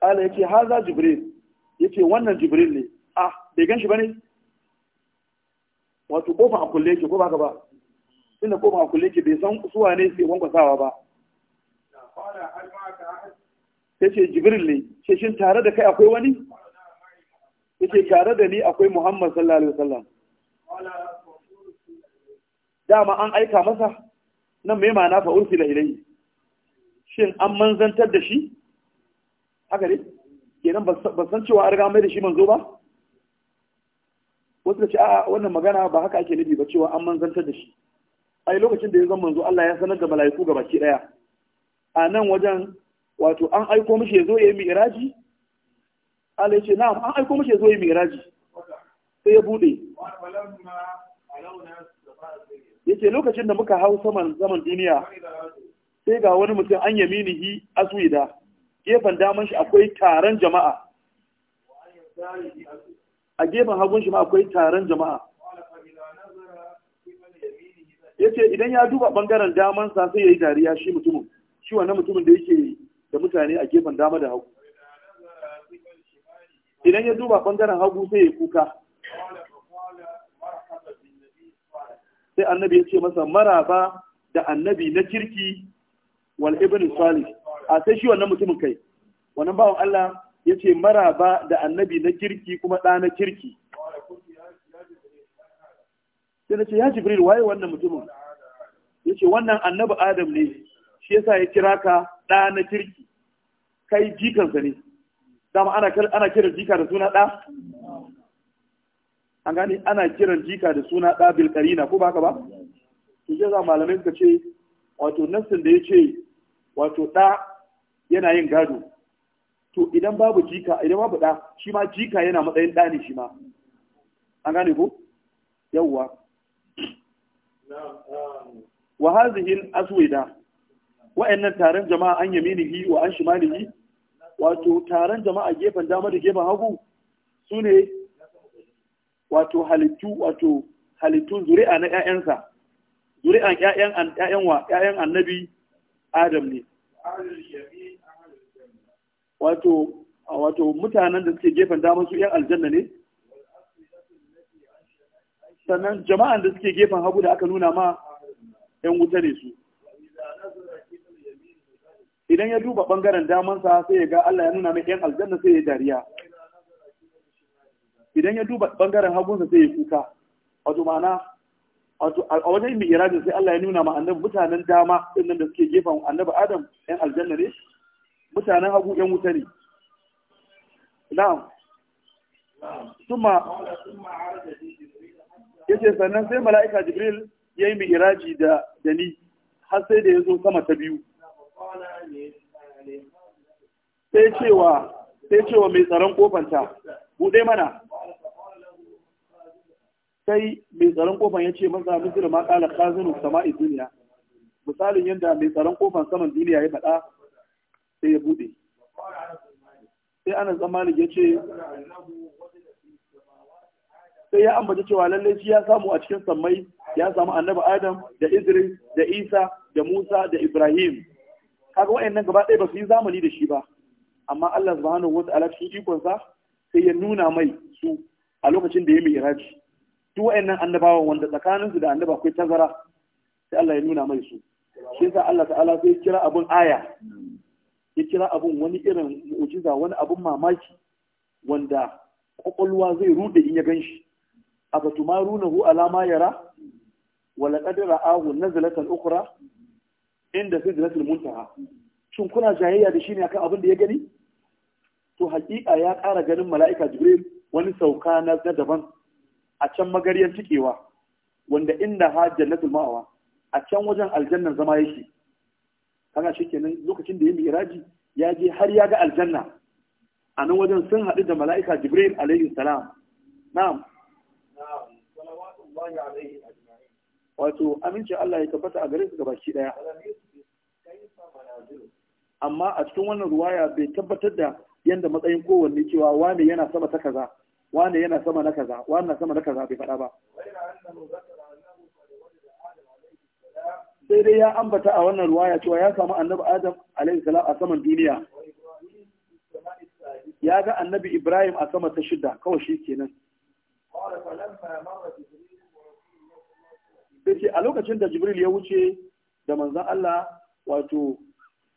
ƙala ya ce haza jibril ya ce wannan jibril ne ah bai gan shi ba ne wato kofin a kulle ke ko ba ka ba inda kofin a kulle ke bai san suwa ne sai wankwasawa ba sai ce jibril ne ce shin tare da kai akwai wani yace tare da ni akwai muhammad sallallahu alaihi wasallam dama an aika masa nan mai mana fa ursila ilayhi shin an manzantar da shi haka ne kenan ba san cewa an riga mai da shi manzo ba wasu da ce a'a wannan magana ba haka ake nufi ba cewa an manzantar da shi ai lokacin da ya zama manzo Allah ya sanar da mala'iku gaba ki daya a nan wajen wato an aiko mishi ya zo ya yi mi'raji Allah ya ce na'am an aiko mishi ya zo ya yi mi'raji sai ya bude ce lokacin da muka hau saman zaman duniya sai ga wani mutum an yaminihi aswida gefen daman shi akwai taron jama'a a gefen hagun shi ma akwai taron jama'a yace idan ya duba bangaren damansa sai ya yi dariya shi mutumin shi wannan mutumin da yake da mutane a gefen dama da hagu idan ya duba bangaren hagu sai ya kuka sai annabi ya ce masa maraba da annabi na kirki wal ibn salih a sai shi wannan mutumin kai wannan bawan Allah ya ce maraba da annabi na kirki kuma ɗa na kirki sai na ce ya jibril waye wannan mutumin ya ce wannan annabi adam ne shi yasa ya kira ka ɗa na kirki kai jikansa ne dama ana ana kiran jika da suna ɗa an gani ana kiran jika da suna ɗa bilkarina ko baka ba Su ce za malamai suka ce wato nassin da ya ce wato ɗa yana yin gado to idan babu jika idan babu ɗa shi ma jika yana matsayin ɗa ne shi ma an gane ko yawwa wa hazihin aswida wa'annan taron jama'a an yaminihi wa an shimalihi wato taron jama'a gefen dama da gefen hagu su ne wato halittu wato halittu zuri'a na 'ya'yansa zuri'an ƴaƴan wa ƴaƴan annabi adam ne wato wato mutanen da suke gefen dama su ƴan aljanna ne sannan jama'an da suke gefen hagu da aka nuna ma 'yan wuta ne su idan ya duba bangaren damansa sai ya ga Allah ya nuna mai ɗan aljanna sai ya dariya idan ya duba bangaren hagunsa sai ya kuka wato ma'ana wato a wajen mai iradin sai Allah ya nuna ma annabi mutanen dama din da suke gefen annabi Adam ɗan aljanna ne mutanen hagu ɗan wuta ne na'am suma yace sannan sai mala'ika Jibril yayi mai iraji da da ni har sai da ya zo sama ta biyu sai cewa sai cewa mai tsaron kofanta buɗe mana sai mai tsaron kofan ya ce masa misir ma ƙala kazinu sama'i duniya misalin yadda mai tsaron kofan saman duniya ya faɗa sai ya buɗe sai ana tsammanin ya ce sai ya ambata cewa lallai shi ya samu a cikin sammai ya samu annabi adam da idris da isa da musa da ibrahim kaga wayannan gaba ɗaya ba su yi zamani da shi ba amma Allah subhanahu wata'ala cikin ikon sa sai ya nuna mai su a lokacin da ya mai iraji duk wayannan annabawan wanda tsakanin su da annaba akwai tazara sai Allah ya nuna mai su shi yasa Allah ta'ala sai kira abun aya ya kira abun wani irin mu'ujiza, wani abun mamaki wanda kwakwalwa zai rude in ya gan shi a batu ma hu alama yara wala kadira ahu nazalatan ukra inda sai zinatul muntaha shin kuna jayayya da shi ne akan abin da ya gani to hakika ya ƙara ganin mala'ika jibril wani sauka na daban a can magaryar cikewa wanda inda ha jannatul ma'awa a can wajen aljannan zama yake kaga shikenan lokacin da ya miraji ya je har ya ga aljanna a nan wajen sun haɗu da mala'ika jibril alayhi salam na'am na'am salawatullahi alaihi wato amincin Allah ya tabbata a gare su gabaki daya amma a cikin wannan ruwaya bai tabbatar da yanda matsayin kowanne cewa wane yana sama ta kaza wane yana sama na kaza wane sama na kaza bai faɗa ba sai dai ya ambata a wannan ruwaya cewa ya samu annabi adam alaihi salam a saman duniya ya ga annabi ibrahim a sama ta shida kawai shi kenan sai ce a lokacin da jibril ya wuce da manzan Allah wato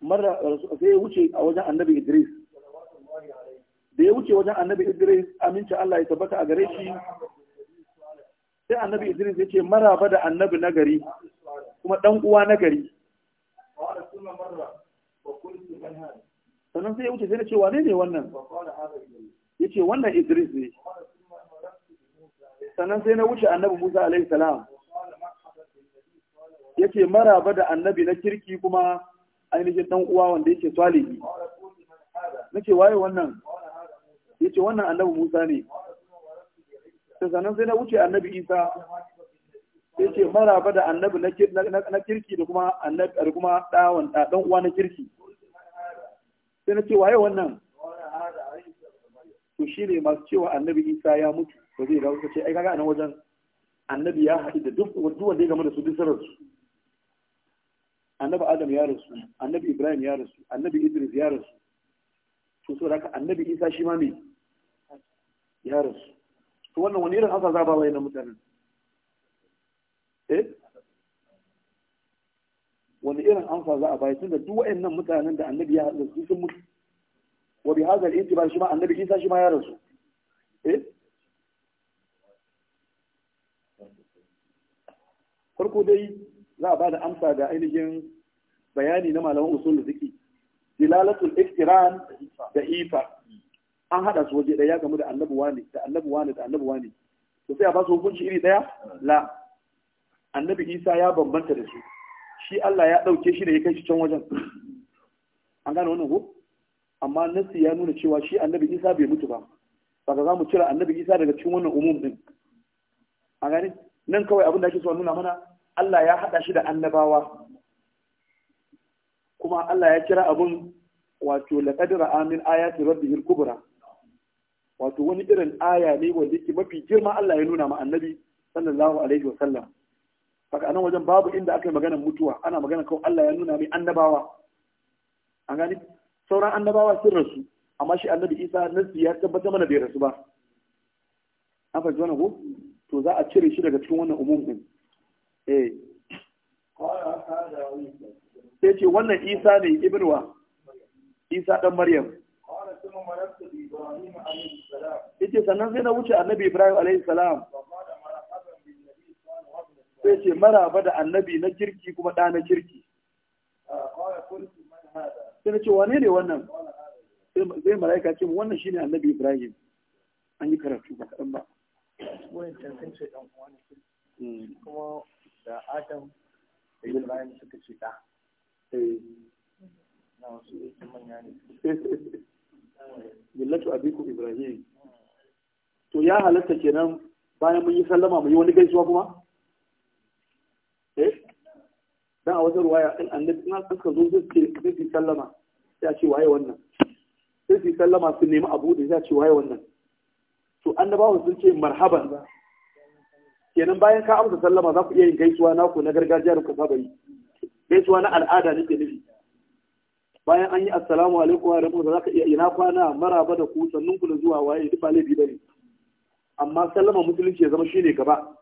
mara sai ya wuce a wajen annabi idris da ya wuce wajen annabi idris aminci Allah ya tabbata a gare shi sai annabi idris ya ce maraba da annabi nagari kuma dan uwa nagari sannan sai ya wuce sai da cewa ne ne wannan ya ce wannan idris ne sannan sai na wuce annabi musa alaihi salam yake maraba da annabi na kirki kuma ainihin dan uwa wanda yake salihi nake waye wannan yace wannan annabi Musa ne sannan sai na wuce annabi Isa yace maraba da annabi na kirki da kuma annabi da kuma dawon dan uwa na kirki sai na ce waye wannan to shine masu cewa annabi Isa ya mutu ba zai dawo ce ai kaga nan wajen annabi ya haɗu da duk wanda ya gama da su duk sarar su annabi adam ya rasu annabi ibrahim ya rasu annabi idris ya rasu to saboda haka annabi isa shi ma me ya rasu to wannan wani irin hasa za ba wayannan mutanen eh wani irin amsa za a bayar tunda duk wayannan mutanen da annabi ya haɗa su sun mutu wa bi hadha al-itibar shi ma annabi isa shi ma ya rasu eh farko dai za a bada amsa ga ainihin bayani na malaman usul fiqi dilalatul iqtiran da ifa an hada su waje daya game da annabi wani da annabi wani da annabi wani to sai a ba su hukunci iri daya la annabi Isa ya bambanta da su shi Allah ya dauke shi da ya kai shi can wajen an gane wannan ko amma nasi ya nuna cewa shi annabi Isa bai mutu ba saka za mu cire annabi Isa daga cikin wannan umum din a gane nan kawai abin da ake so nuna mana Allah ya haɗa shi da annabawa kuma Allah ya kira abun wato laqadra amin ayati rabbihil kubra wato wani irin aya ne wanda yake mafi girma Allah ya nuna ma annabi sallallahu alaihi wa sallam haka anan wajen babu inda aka yi maganar mutuwa ana magana kawai Allah ya nuna mai annabawa an gani sauran annabawa sun rasu amma shi annabi Isa nasi ya tabbata mana bai rasu ba an fahimci wannan ko to za a cire shi daga cikin wannan umum din eh sai ce wannan isa ne ibnuwa isa dan maryam yace sannan sai na wuce annabi ibrahim alaihi salam sai ce maraba da annabi na kirki kuma ɗa na kirki sai na ce wane ne wannan sai mala'ika ce wannan shine annabi ibrahim an yi karatu ba kaɗan ba hmm. kuma da adam da ibrahim suka ce ta. Eh, na wasu yake manya ne millatu abiku ibrahim to ya halatta kenan bayan mun yi sallama mun yi wani gaisuwa kuma eh dan a wajen ruwaya ɗin annabi na suka zo su ce su sallama a ce waye wannan sai su sallama su nemi abu da ya ce waye wannan to annabawa sun ce marhaban kenan bayan ka amsa sallama za ku iya yin gaisuwa naku na gargajiya da ku saba yi gaisuwa na al'ada nake nufi bayan an yi assalamu alaikum wa rahmatullahi za ka iya ina kwana maraba da ku sannun ku da zuwa waye duk ba laifi bane amma sallama musulunci ya zama shine gaba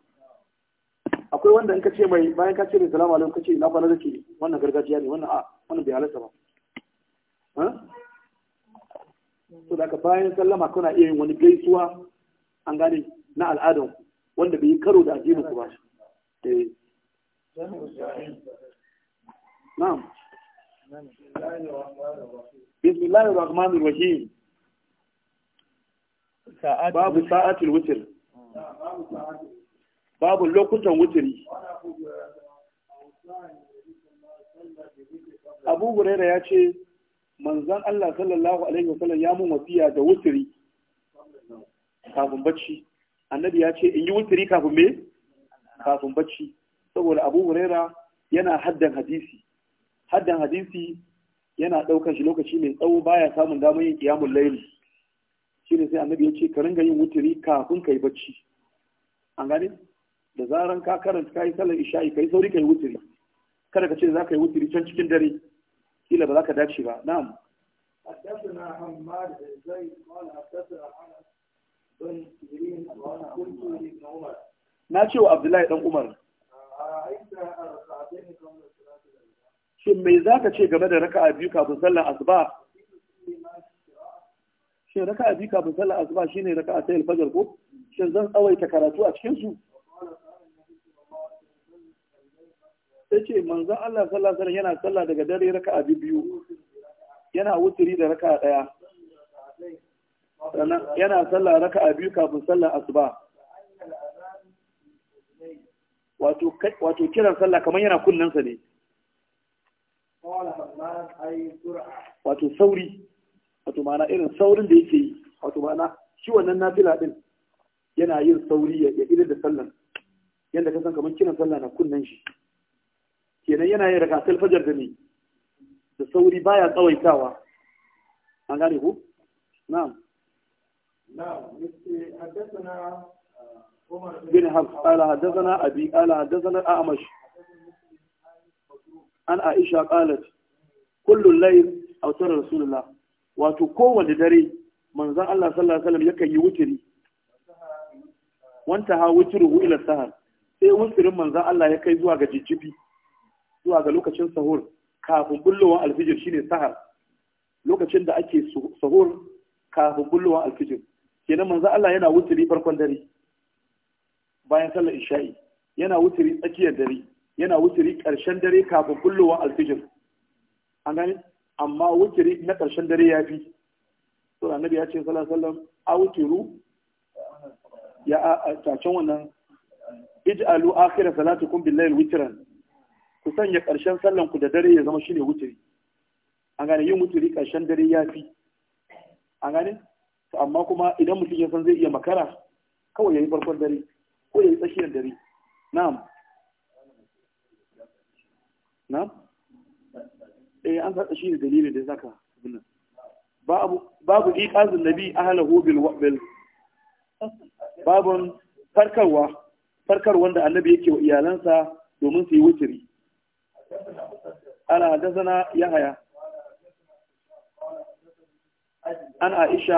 akwai wanda in ka ce mai bayan ka ce mai salamu alaikum ka ce ina kwana zake wannan gargajiya ne wannan a wannan bai halatta ba to daga bayan sallama kuna iya yin wani gaisuwa an gane na al'adanku wanda bai yi karo da ajiyar ku ba eh na'am bismillahir rahmanir rahim babu sa'atul witr babu lokutan wutiri abu huraira ya ce manzan allah sallallahu alaihi wasallam ya mun wasiya da wutiri kafin bacci annabi ya ce in yi wuturi kafin me kafin bacci saboda abu huraira yana haddan hadisi haddan hadisi yana ɗaukar shi lokaci mai tsawo baya samun damar yin kiyamun laili shi ne sai annabi ya ce ka ringa yin wuturi kafin ka yi bacci an gane da zaran ka karanta ka yi sallar isha'i ka yi sauri ka yi wuturi kada ka ce za ka yi wuturi can cikin dare kila ba za ka dace ba na'am حدثنا حماد بن زيد قال حدثنا na ce wa abdullahi dan umar shin me za ka ce game da raka a biyu kafin sallar asuba shin a biyu kafin sallar asuba shi ne raka a tsayar fajar ko shin zan tsawaita karatu a cikinsu? Ta sai ce manzan Allah sallar alaihi yana sallah daga dare raka a biyu yana wuturi da a daya yana sallah raka a biyu kafin sallah asuba wato wato kiran sallah kamar yana kunnansa ne wato sauri wato ma'ana irin saurin da yake yi wato ma'ana shi wannan na fila din yana yin sauri ya irin da sallan yadda ka san kamar kiran sallah na kunnan shi kenan yana yin raka fajar da ne da sauri baya tsawaitawa an gane ku na'am بن حفص قال حدثنا ابي قال حدثنا اعمش عن عائشة قالت كل الليل أو ترى رسول الله وتكون ودري من ذا الله صلى الله عليه وسلم يكي يوتري وانتهى وتره إلى السهر sai wutsirin manzan Allah ya kai zuwa ga jijjibi zuwa ga lokacin sahur kafin bullowar alfijir shine sahar lokacin da ake sahur kafin bullowar alfijir kenan manzo Allah yana wuturi farkon dare bayan sallar isha'i yana wuturi tsakiyar dare yana wuturi ƙarshen dare kafin kullowa alfijir an gani amma wuturi na ƙarshen dare ya fi so annabi ya ce sallallahu alaihi wasallam a wuturu ya a tacen wannan ij'alu akhira salatikum bil witran ku sanya ƙarshen sallan ku da dare ya zama shine wuturi an gane yin wuturi ƙarshen dare ya fi an gane amma kuma idan mutum ya san zai iya makara kawai ya yi farkon dare ko ya yi tsakiyar dare na'am na'am eh an sa shi da dalilin da zaka binnan babu babu iqazun nabi ahlahu bil wabil babun farkarwa farkar wanda annabi yake wa iyalansa domin su yi wuturi ana hadasana yahaya قالت aisha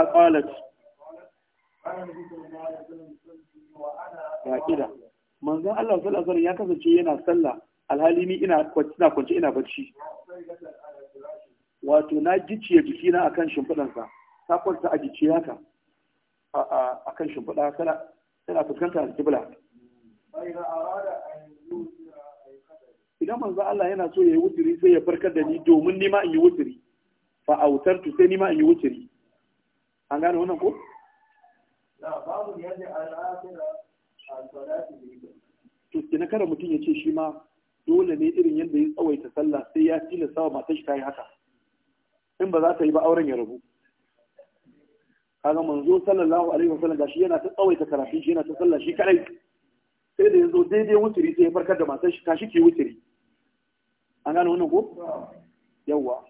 من ذا الله Allah الله عليه ya kasance yana sallah alhali ni ina kwance ina bacci. Wato na gicciye jikina akan sa ta kwanta a jiciya ka a akan shimfiɗa tana fuskanta da kibla. Idan manzo Allah yana so ya yi wuturi sai ya farkar da ni domin nima in yi wuturi. fa autartu sai ni ma in yi wuturi an gane wannan ko babu yadda al'akira a salati to kina kada mutum ya ce shi ma dole ne irin yadda ya tsawaita sallah sai ya tilasta sawa matar shi ta yi haka in ba za ta yi ba auren ya rabu kaga manzo sallallahu alaihi wasallam gashi yana ta tsawaita karatu shi yana ta sallah shi kadai sai da yazo daidai wuturi sai ya farkar da matar shi kashi ke wuturi an gane wannan ko yawa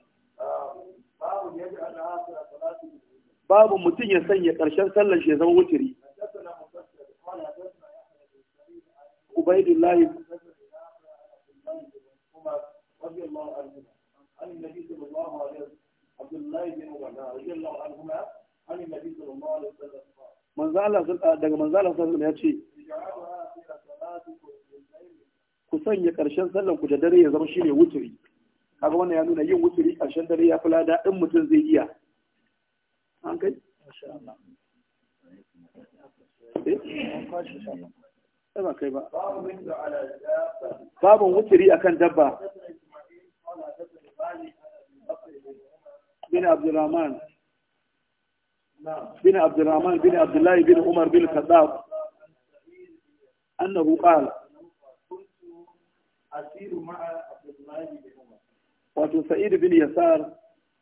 babu mutum ya sanya ƙarshen sallar shi zama wuturi ubaidullahi ah, daga manzala sallallahu ya ce ku sanya ƙarshen sallar ku da dare ya zama shi ne wuturi kaga wannan ya nuna yin wuturi ƙarshen dare ya fi lada in mutum zai iya an kai eh? babin wuturi akan dabba bin abdurrahman bin abdurrahman bin abdullahi bin umar bin kadab annahu qala asiru ma'a abdullahi bin wato sa'id bin yasar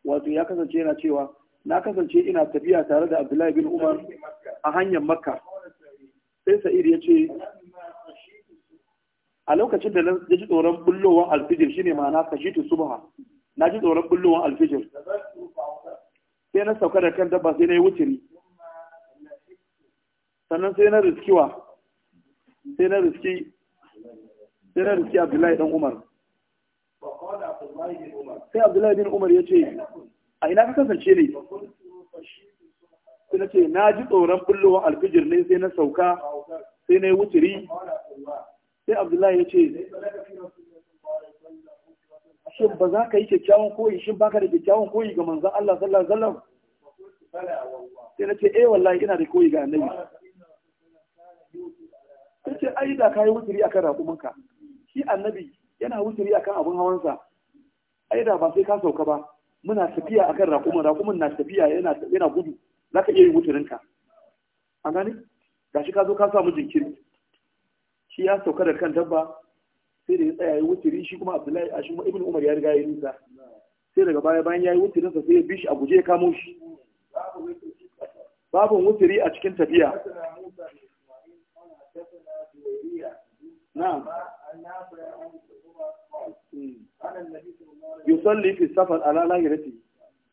wato ya kasance yana cewa na kasance ina tafiya tare da abdullahi bin umar a hanyar makka sai sa'id ya ce a lokacin da na ji tsoron bullowar alfijir shine ma na kashitu subha na ji tsoron bullowar alfijir sai na sauka da kan dabba sai na yi wuturi sannan sai na riskiwa sai na riski sai na riski abdullahi dan umar sai abdullahi bin umar ya ce a ina ka kasance ne sai na ce na ji tsoron bullowar alfijir ne sai na sauka sai na yi wuturi sai abdullahi ya ce shin ba za ka yi kyakkyawan koyi shin ba ka da kyakkyawan koyi ga manzan Allah sallallahu alaihi wasallam sai na ce eh wallahi ina da koyi ga annabi sai ce ai da ka yi wuturi akan raƙumanka shi annabi yana wuturi akan abin hawansa ai da ba sai ka sauka ba muna tafiya akan raƙumin raƙumin na tafiya yana gudu za ka iya yin ka an Ga shi ka zo ka samu jinkiri shi ya sauka da kan dabba sai da ya tsaya ya wuturi shi kuma abdullahi a shi ibn umar ya riga ya yi nisa sai daga baya bayan ya yi sa sai ya bi shi a guje ya kamo shi Babu wuturi a cikin tafiya na'am yusalli fi safar ala lahirati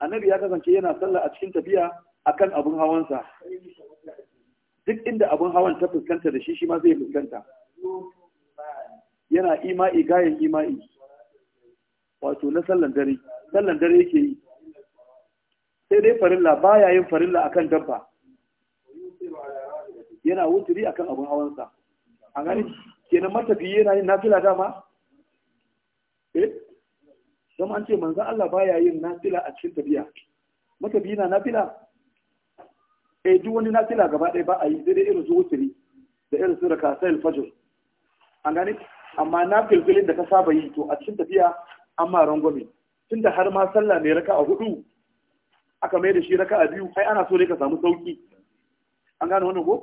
annabi ya kasance yana sallah a cikin tafiya akan abun hawansa duk inda abun hawan ta fuskanta da shi shi ma zai fuskanta yana ima'i gayan ima'i wato na sallan dare sallan dare yake yi sai dai farilla baya yin farilla akan dabba yana wuturi akan abun hawansa a gani kenan matafiye yana yin nafila dama eh don an ce manzan Allah baya yin nafila a cikin tafiya matafiya na nafila eh duk wani nafila gaba ɗaya ba a yi daidai irin su wuturi da irin su raka sai alfajir an gane amma na filfilin da ka saba yi to a cikin tafiya an ma rangwame da har ma sallah mai raka a hudu aka mai da shi raka a biyu ai ana so ne ka samu sauki an gane wannan ko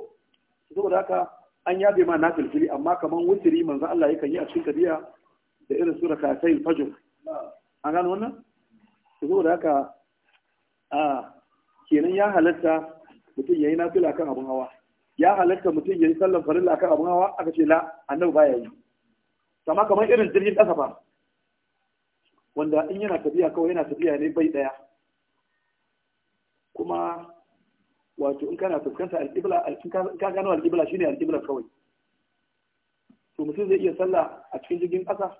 saboda haka an yabe ma na filfili amma kamar wuturi manzan Allah yakan yi a cikin tafiya da irin su yin fajr an gano wannan to da haka a kenan ya halatta mutum ya yi nafila kan abin hawa ya halatta mutum ya yi sallan farilla kan abin hawa aka ce la annabu baya yi kama kamar irin jirgin ƙasa ba. wanda in yana tafiya kawai yana tafiya ne bai ɗaya. kuma wato in kana fuskanta in ka gano shi shine alƙibla kawai to mutum zai iya sallah a cikin jirgin ƙasa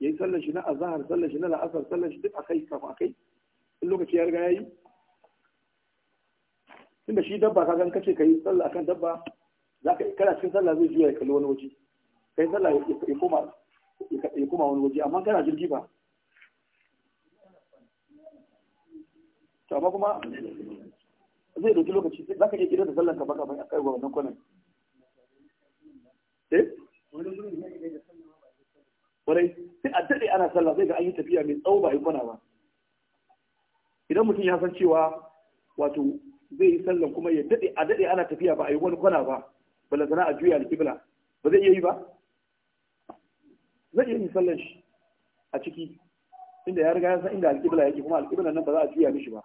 ya yi sallar shi na azahar sallar shi na la'asar sallar shi duk a kai kafin a kai in lokaci ya riga ya yi tunda shi dabba ka gan kace kai sallah akan dabba za ka kana cikin sallah zai juya ya kalli wani waje kai sallah ya koma ya koma wani waje amma kana jirgi ba to amma kuma zai dauki lokaci za ka je gidan da sallar ka baka bai akai ga wannan kwanan eh kwarai sai a daɗe ana sallah zai ga an yi tafiya mai tsawo ba yi kwana ba idan mutum ya san cewa wato zai yi sallan kuma ya daɗe a daɗe ana tafiya ba a yi wani kwana ba bala sana a juya alkibla ba zai iya yi ba zai iya yin sallan shi a ciki inda ya riga ya san inda alkibla yake kuma alkibla nan ba za a juya mishi ba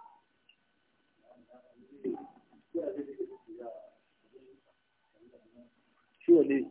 shi wanne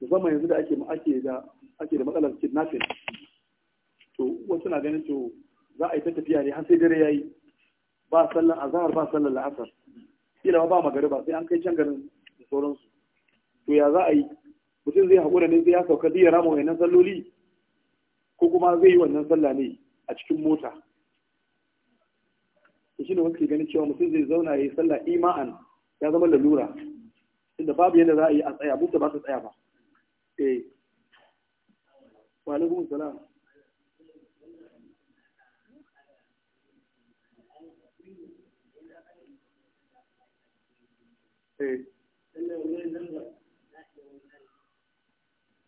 musamman yanzu da ake ake da ake da matsalar kidnapping to wasu na ganin to za a yi ta tafiya ne har sai dare yayi ba sallan azhar ba sallan la'asar kila ba magariba sai an kai can garin da sauransu to ya za a yi mutum zai haƙura ne zai ya sauka zai rama wannan salloli ko kuma zai yi wannan sallah ne a cikin mota to shine wasu ke ganin cewa mutum zai zauna ya yi sallah ima'an ya zama lalura inda babu yadda za a yi a tsaya mutum ba su tsaya ba eh salam eh.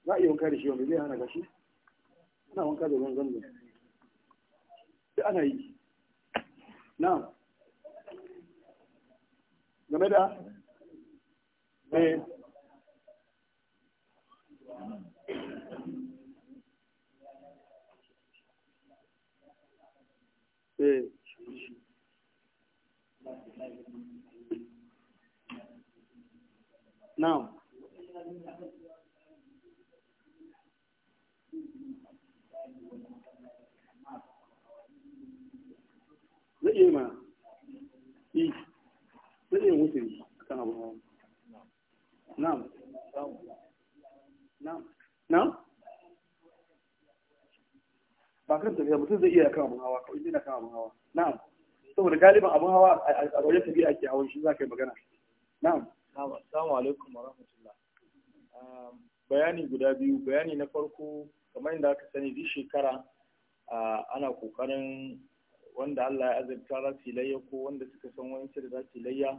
za a shi zai hana gashi ana da ruwan sai ana yi na game da eh Eh. na'am zai iya ma iya wuce kan abu ba kan tafiya mutum zai iya kan abun hawa ko yana kan abun hawa na'am saboda galiban abun hawa a wajen tafiya ake hawan shi za ka yi magana na'am assalamu alaikum wa bayani guda biyu bayani na farko kamar yadda aka sani duk shekara ana kokarin wanda Allah ya azurta za su layya ko wanda suka san wani da za su layya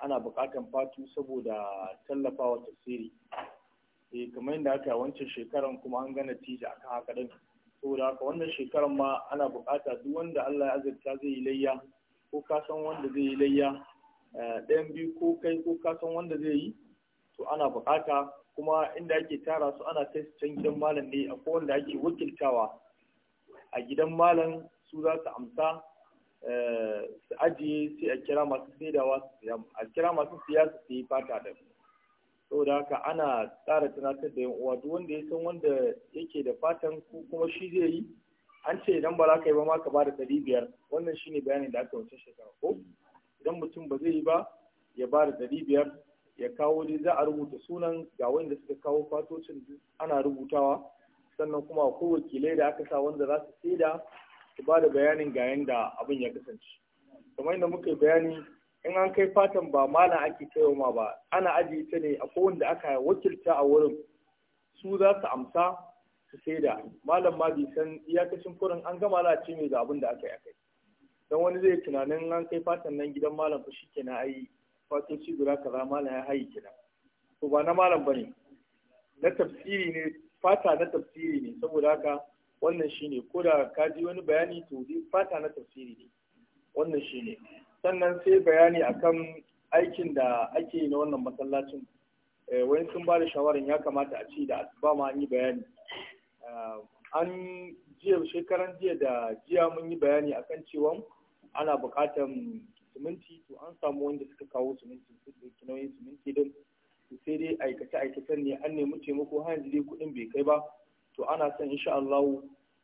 ana bukatan fatu saboda tallafawa tasiri eh kamar yadda aka wancan shekaran kuma an gana tija akan haka din saboda haka wannan shekarar ma ana bukata duk wanda Allah ya azurta zai yi layya ko ka san wanda zai yi layya eh, ɗayan biyu ko kai ko ka san wanda zai yi to ana bukata kuma inda ake tara su ana kai can malam ne akwai wanda ake wakiltawa a gidan malam su za su amsa eh, su ajiye sai a kira masu saidawa a kira masu siya su yi fata da su saboda haka ana tsara tunatar da yan uwa duk wanda ya san wanda yake da fatan ko kuma shi zai yi an ce idan ba za ka yi ba ma ka bada ɗari biyar wannan shine bayanin da aka wancan shekara ko idan mutum ba zai yi ba ya bada ɗari biyar ya kawo dai za a rubuta sunan ga wanda suka kawo fatocin ana rubutawa sannan kuma ko wakilai da aka sa wanda za su saida su ba da bayanin ga yanda abin ya kasance kamar yadda muka yi bayani in an kai fatan ba mala ake ma ba ana ajiye ta ne a wanda aka wakilta a wurin su za su amsa su saida malam ma bai san iyakacin furin an gama za a ce mai ga abin da aka yi akai don wani zai tunanin an kai fatan nan gidan malam fa shi kenan ai fatoci guda kaza malam ya hayi kenan to ba na malam bane na tafsiri ne fata na tafsiri ne saboda haka wannan shine ko da ka ji wani bayani to fata na tafsiri ne wannan shine sannan sai bayani akan aikin da ake yi na wannan masallacin eh, wani sun ba da shawarar ya kamata a ce da asuba ma an yi bayani eh, an jiya shekaran jiya da jiya mun yi bayani akan cewa ana bukatar siminti to an samu wanda suka kawo siminti su ɗauki nauyin siminti din sai dai aikace aikacen ne an nemi taimako har yanzu dai kuɗin bai kai ba to ana son insha Allah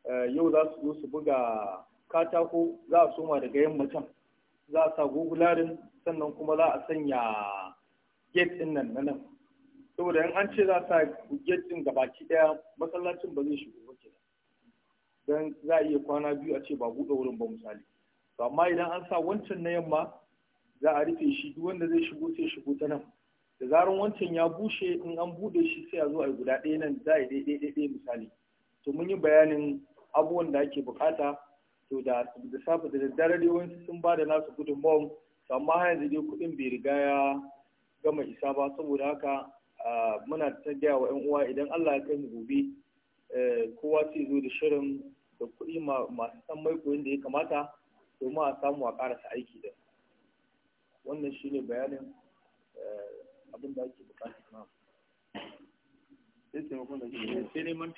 eh, yau za su zo su buga katako za a soma daga yammacin za a sa gogularin sannan kuma za a sanya gate din nan nan saboda in an ce za a sa gate din gabaki daya masallacin ba zai shigo ba kenan dan za a iya kwana biyu a ce ba buɗe wurin ba misali to amma idan an sa wancan na yamma za a rufe shi duk wanda zai shigo sai shigo ta nan da zaran wancan ya bushe in an buɗe shi sai a zo a guda daya nan za a yi dai dai misali to mun yi bayanin abubuwan da ake bukata to da da safa da daddare dai wani sun ba da nasu gudunmawan amma har yanzu dai kuɗin bai riga ya gama isa ba saboda haka muna ta gaya wa 'yan uwa idan Allah ya kai mu gobe eh, kowa sai zo da shirin da kuɗi masu san mai koyon da ya kamata domin a samu a ƙarasa aiki da wannan shine bayanin eh, abin da ake bukata na sai neman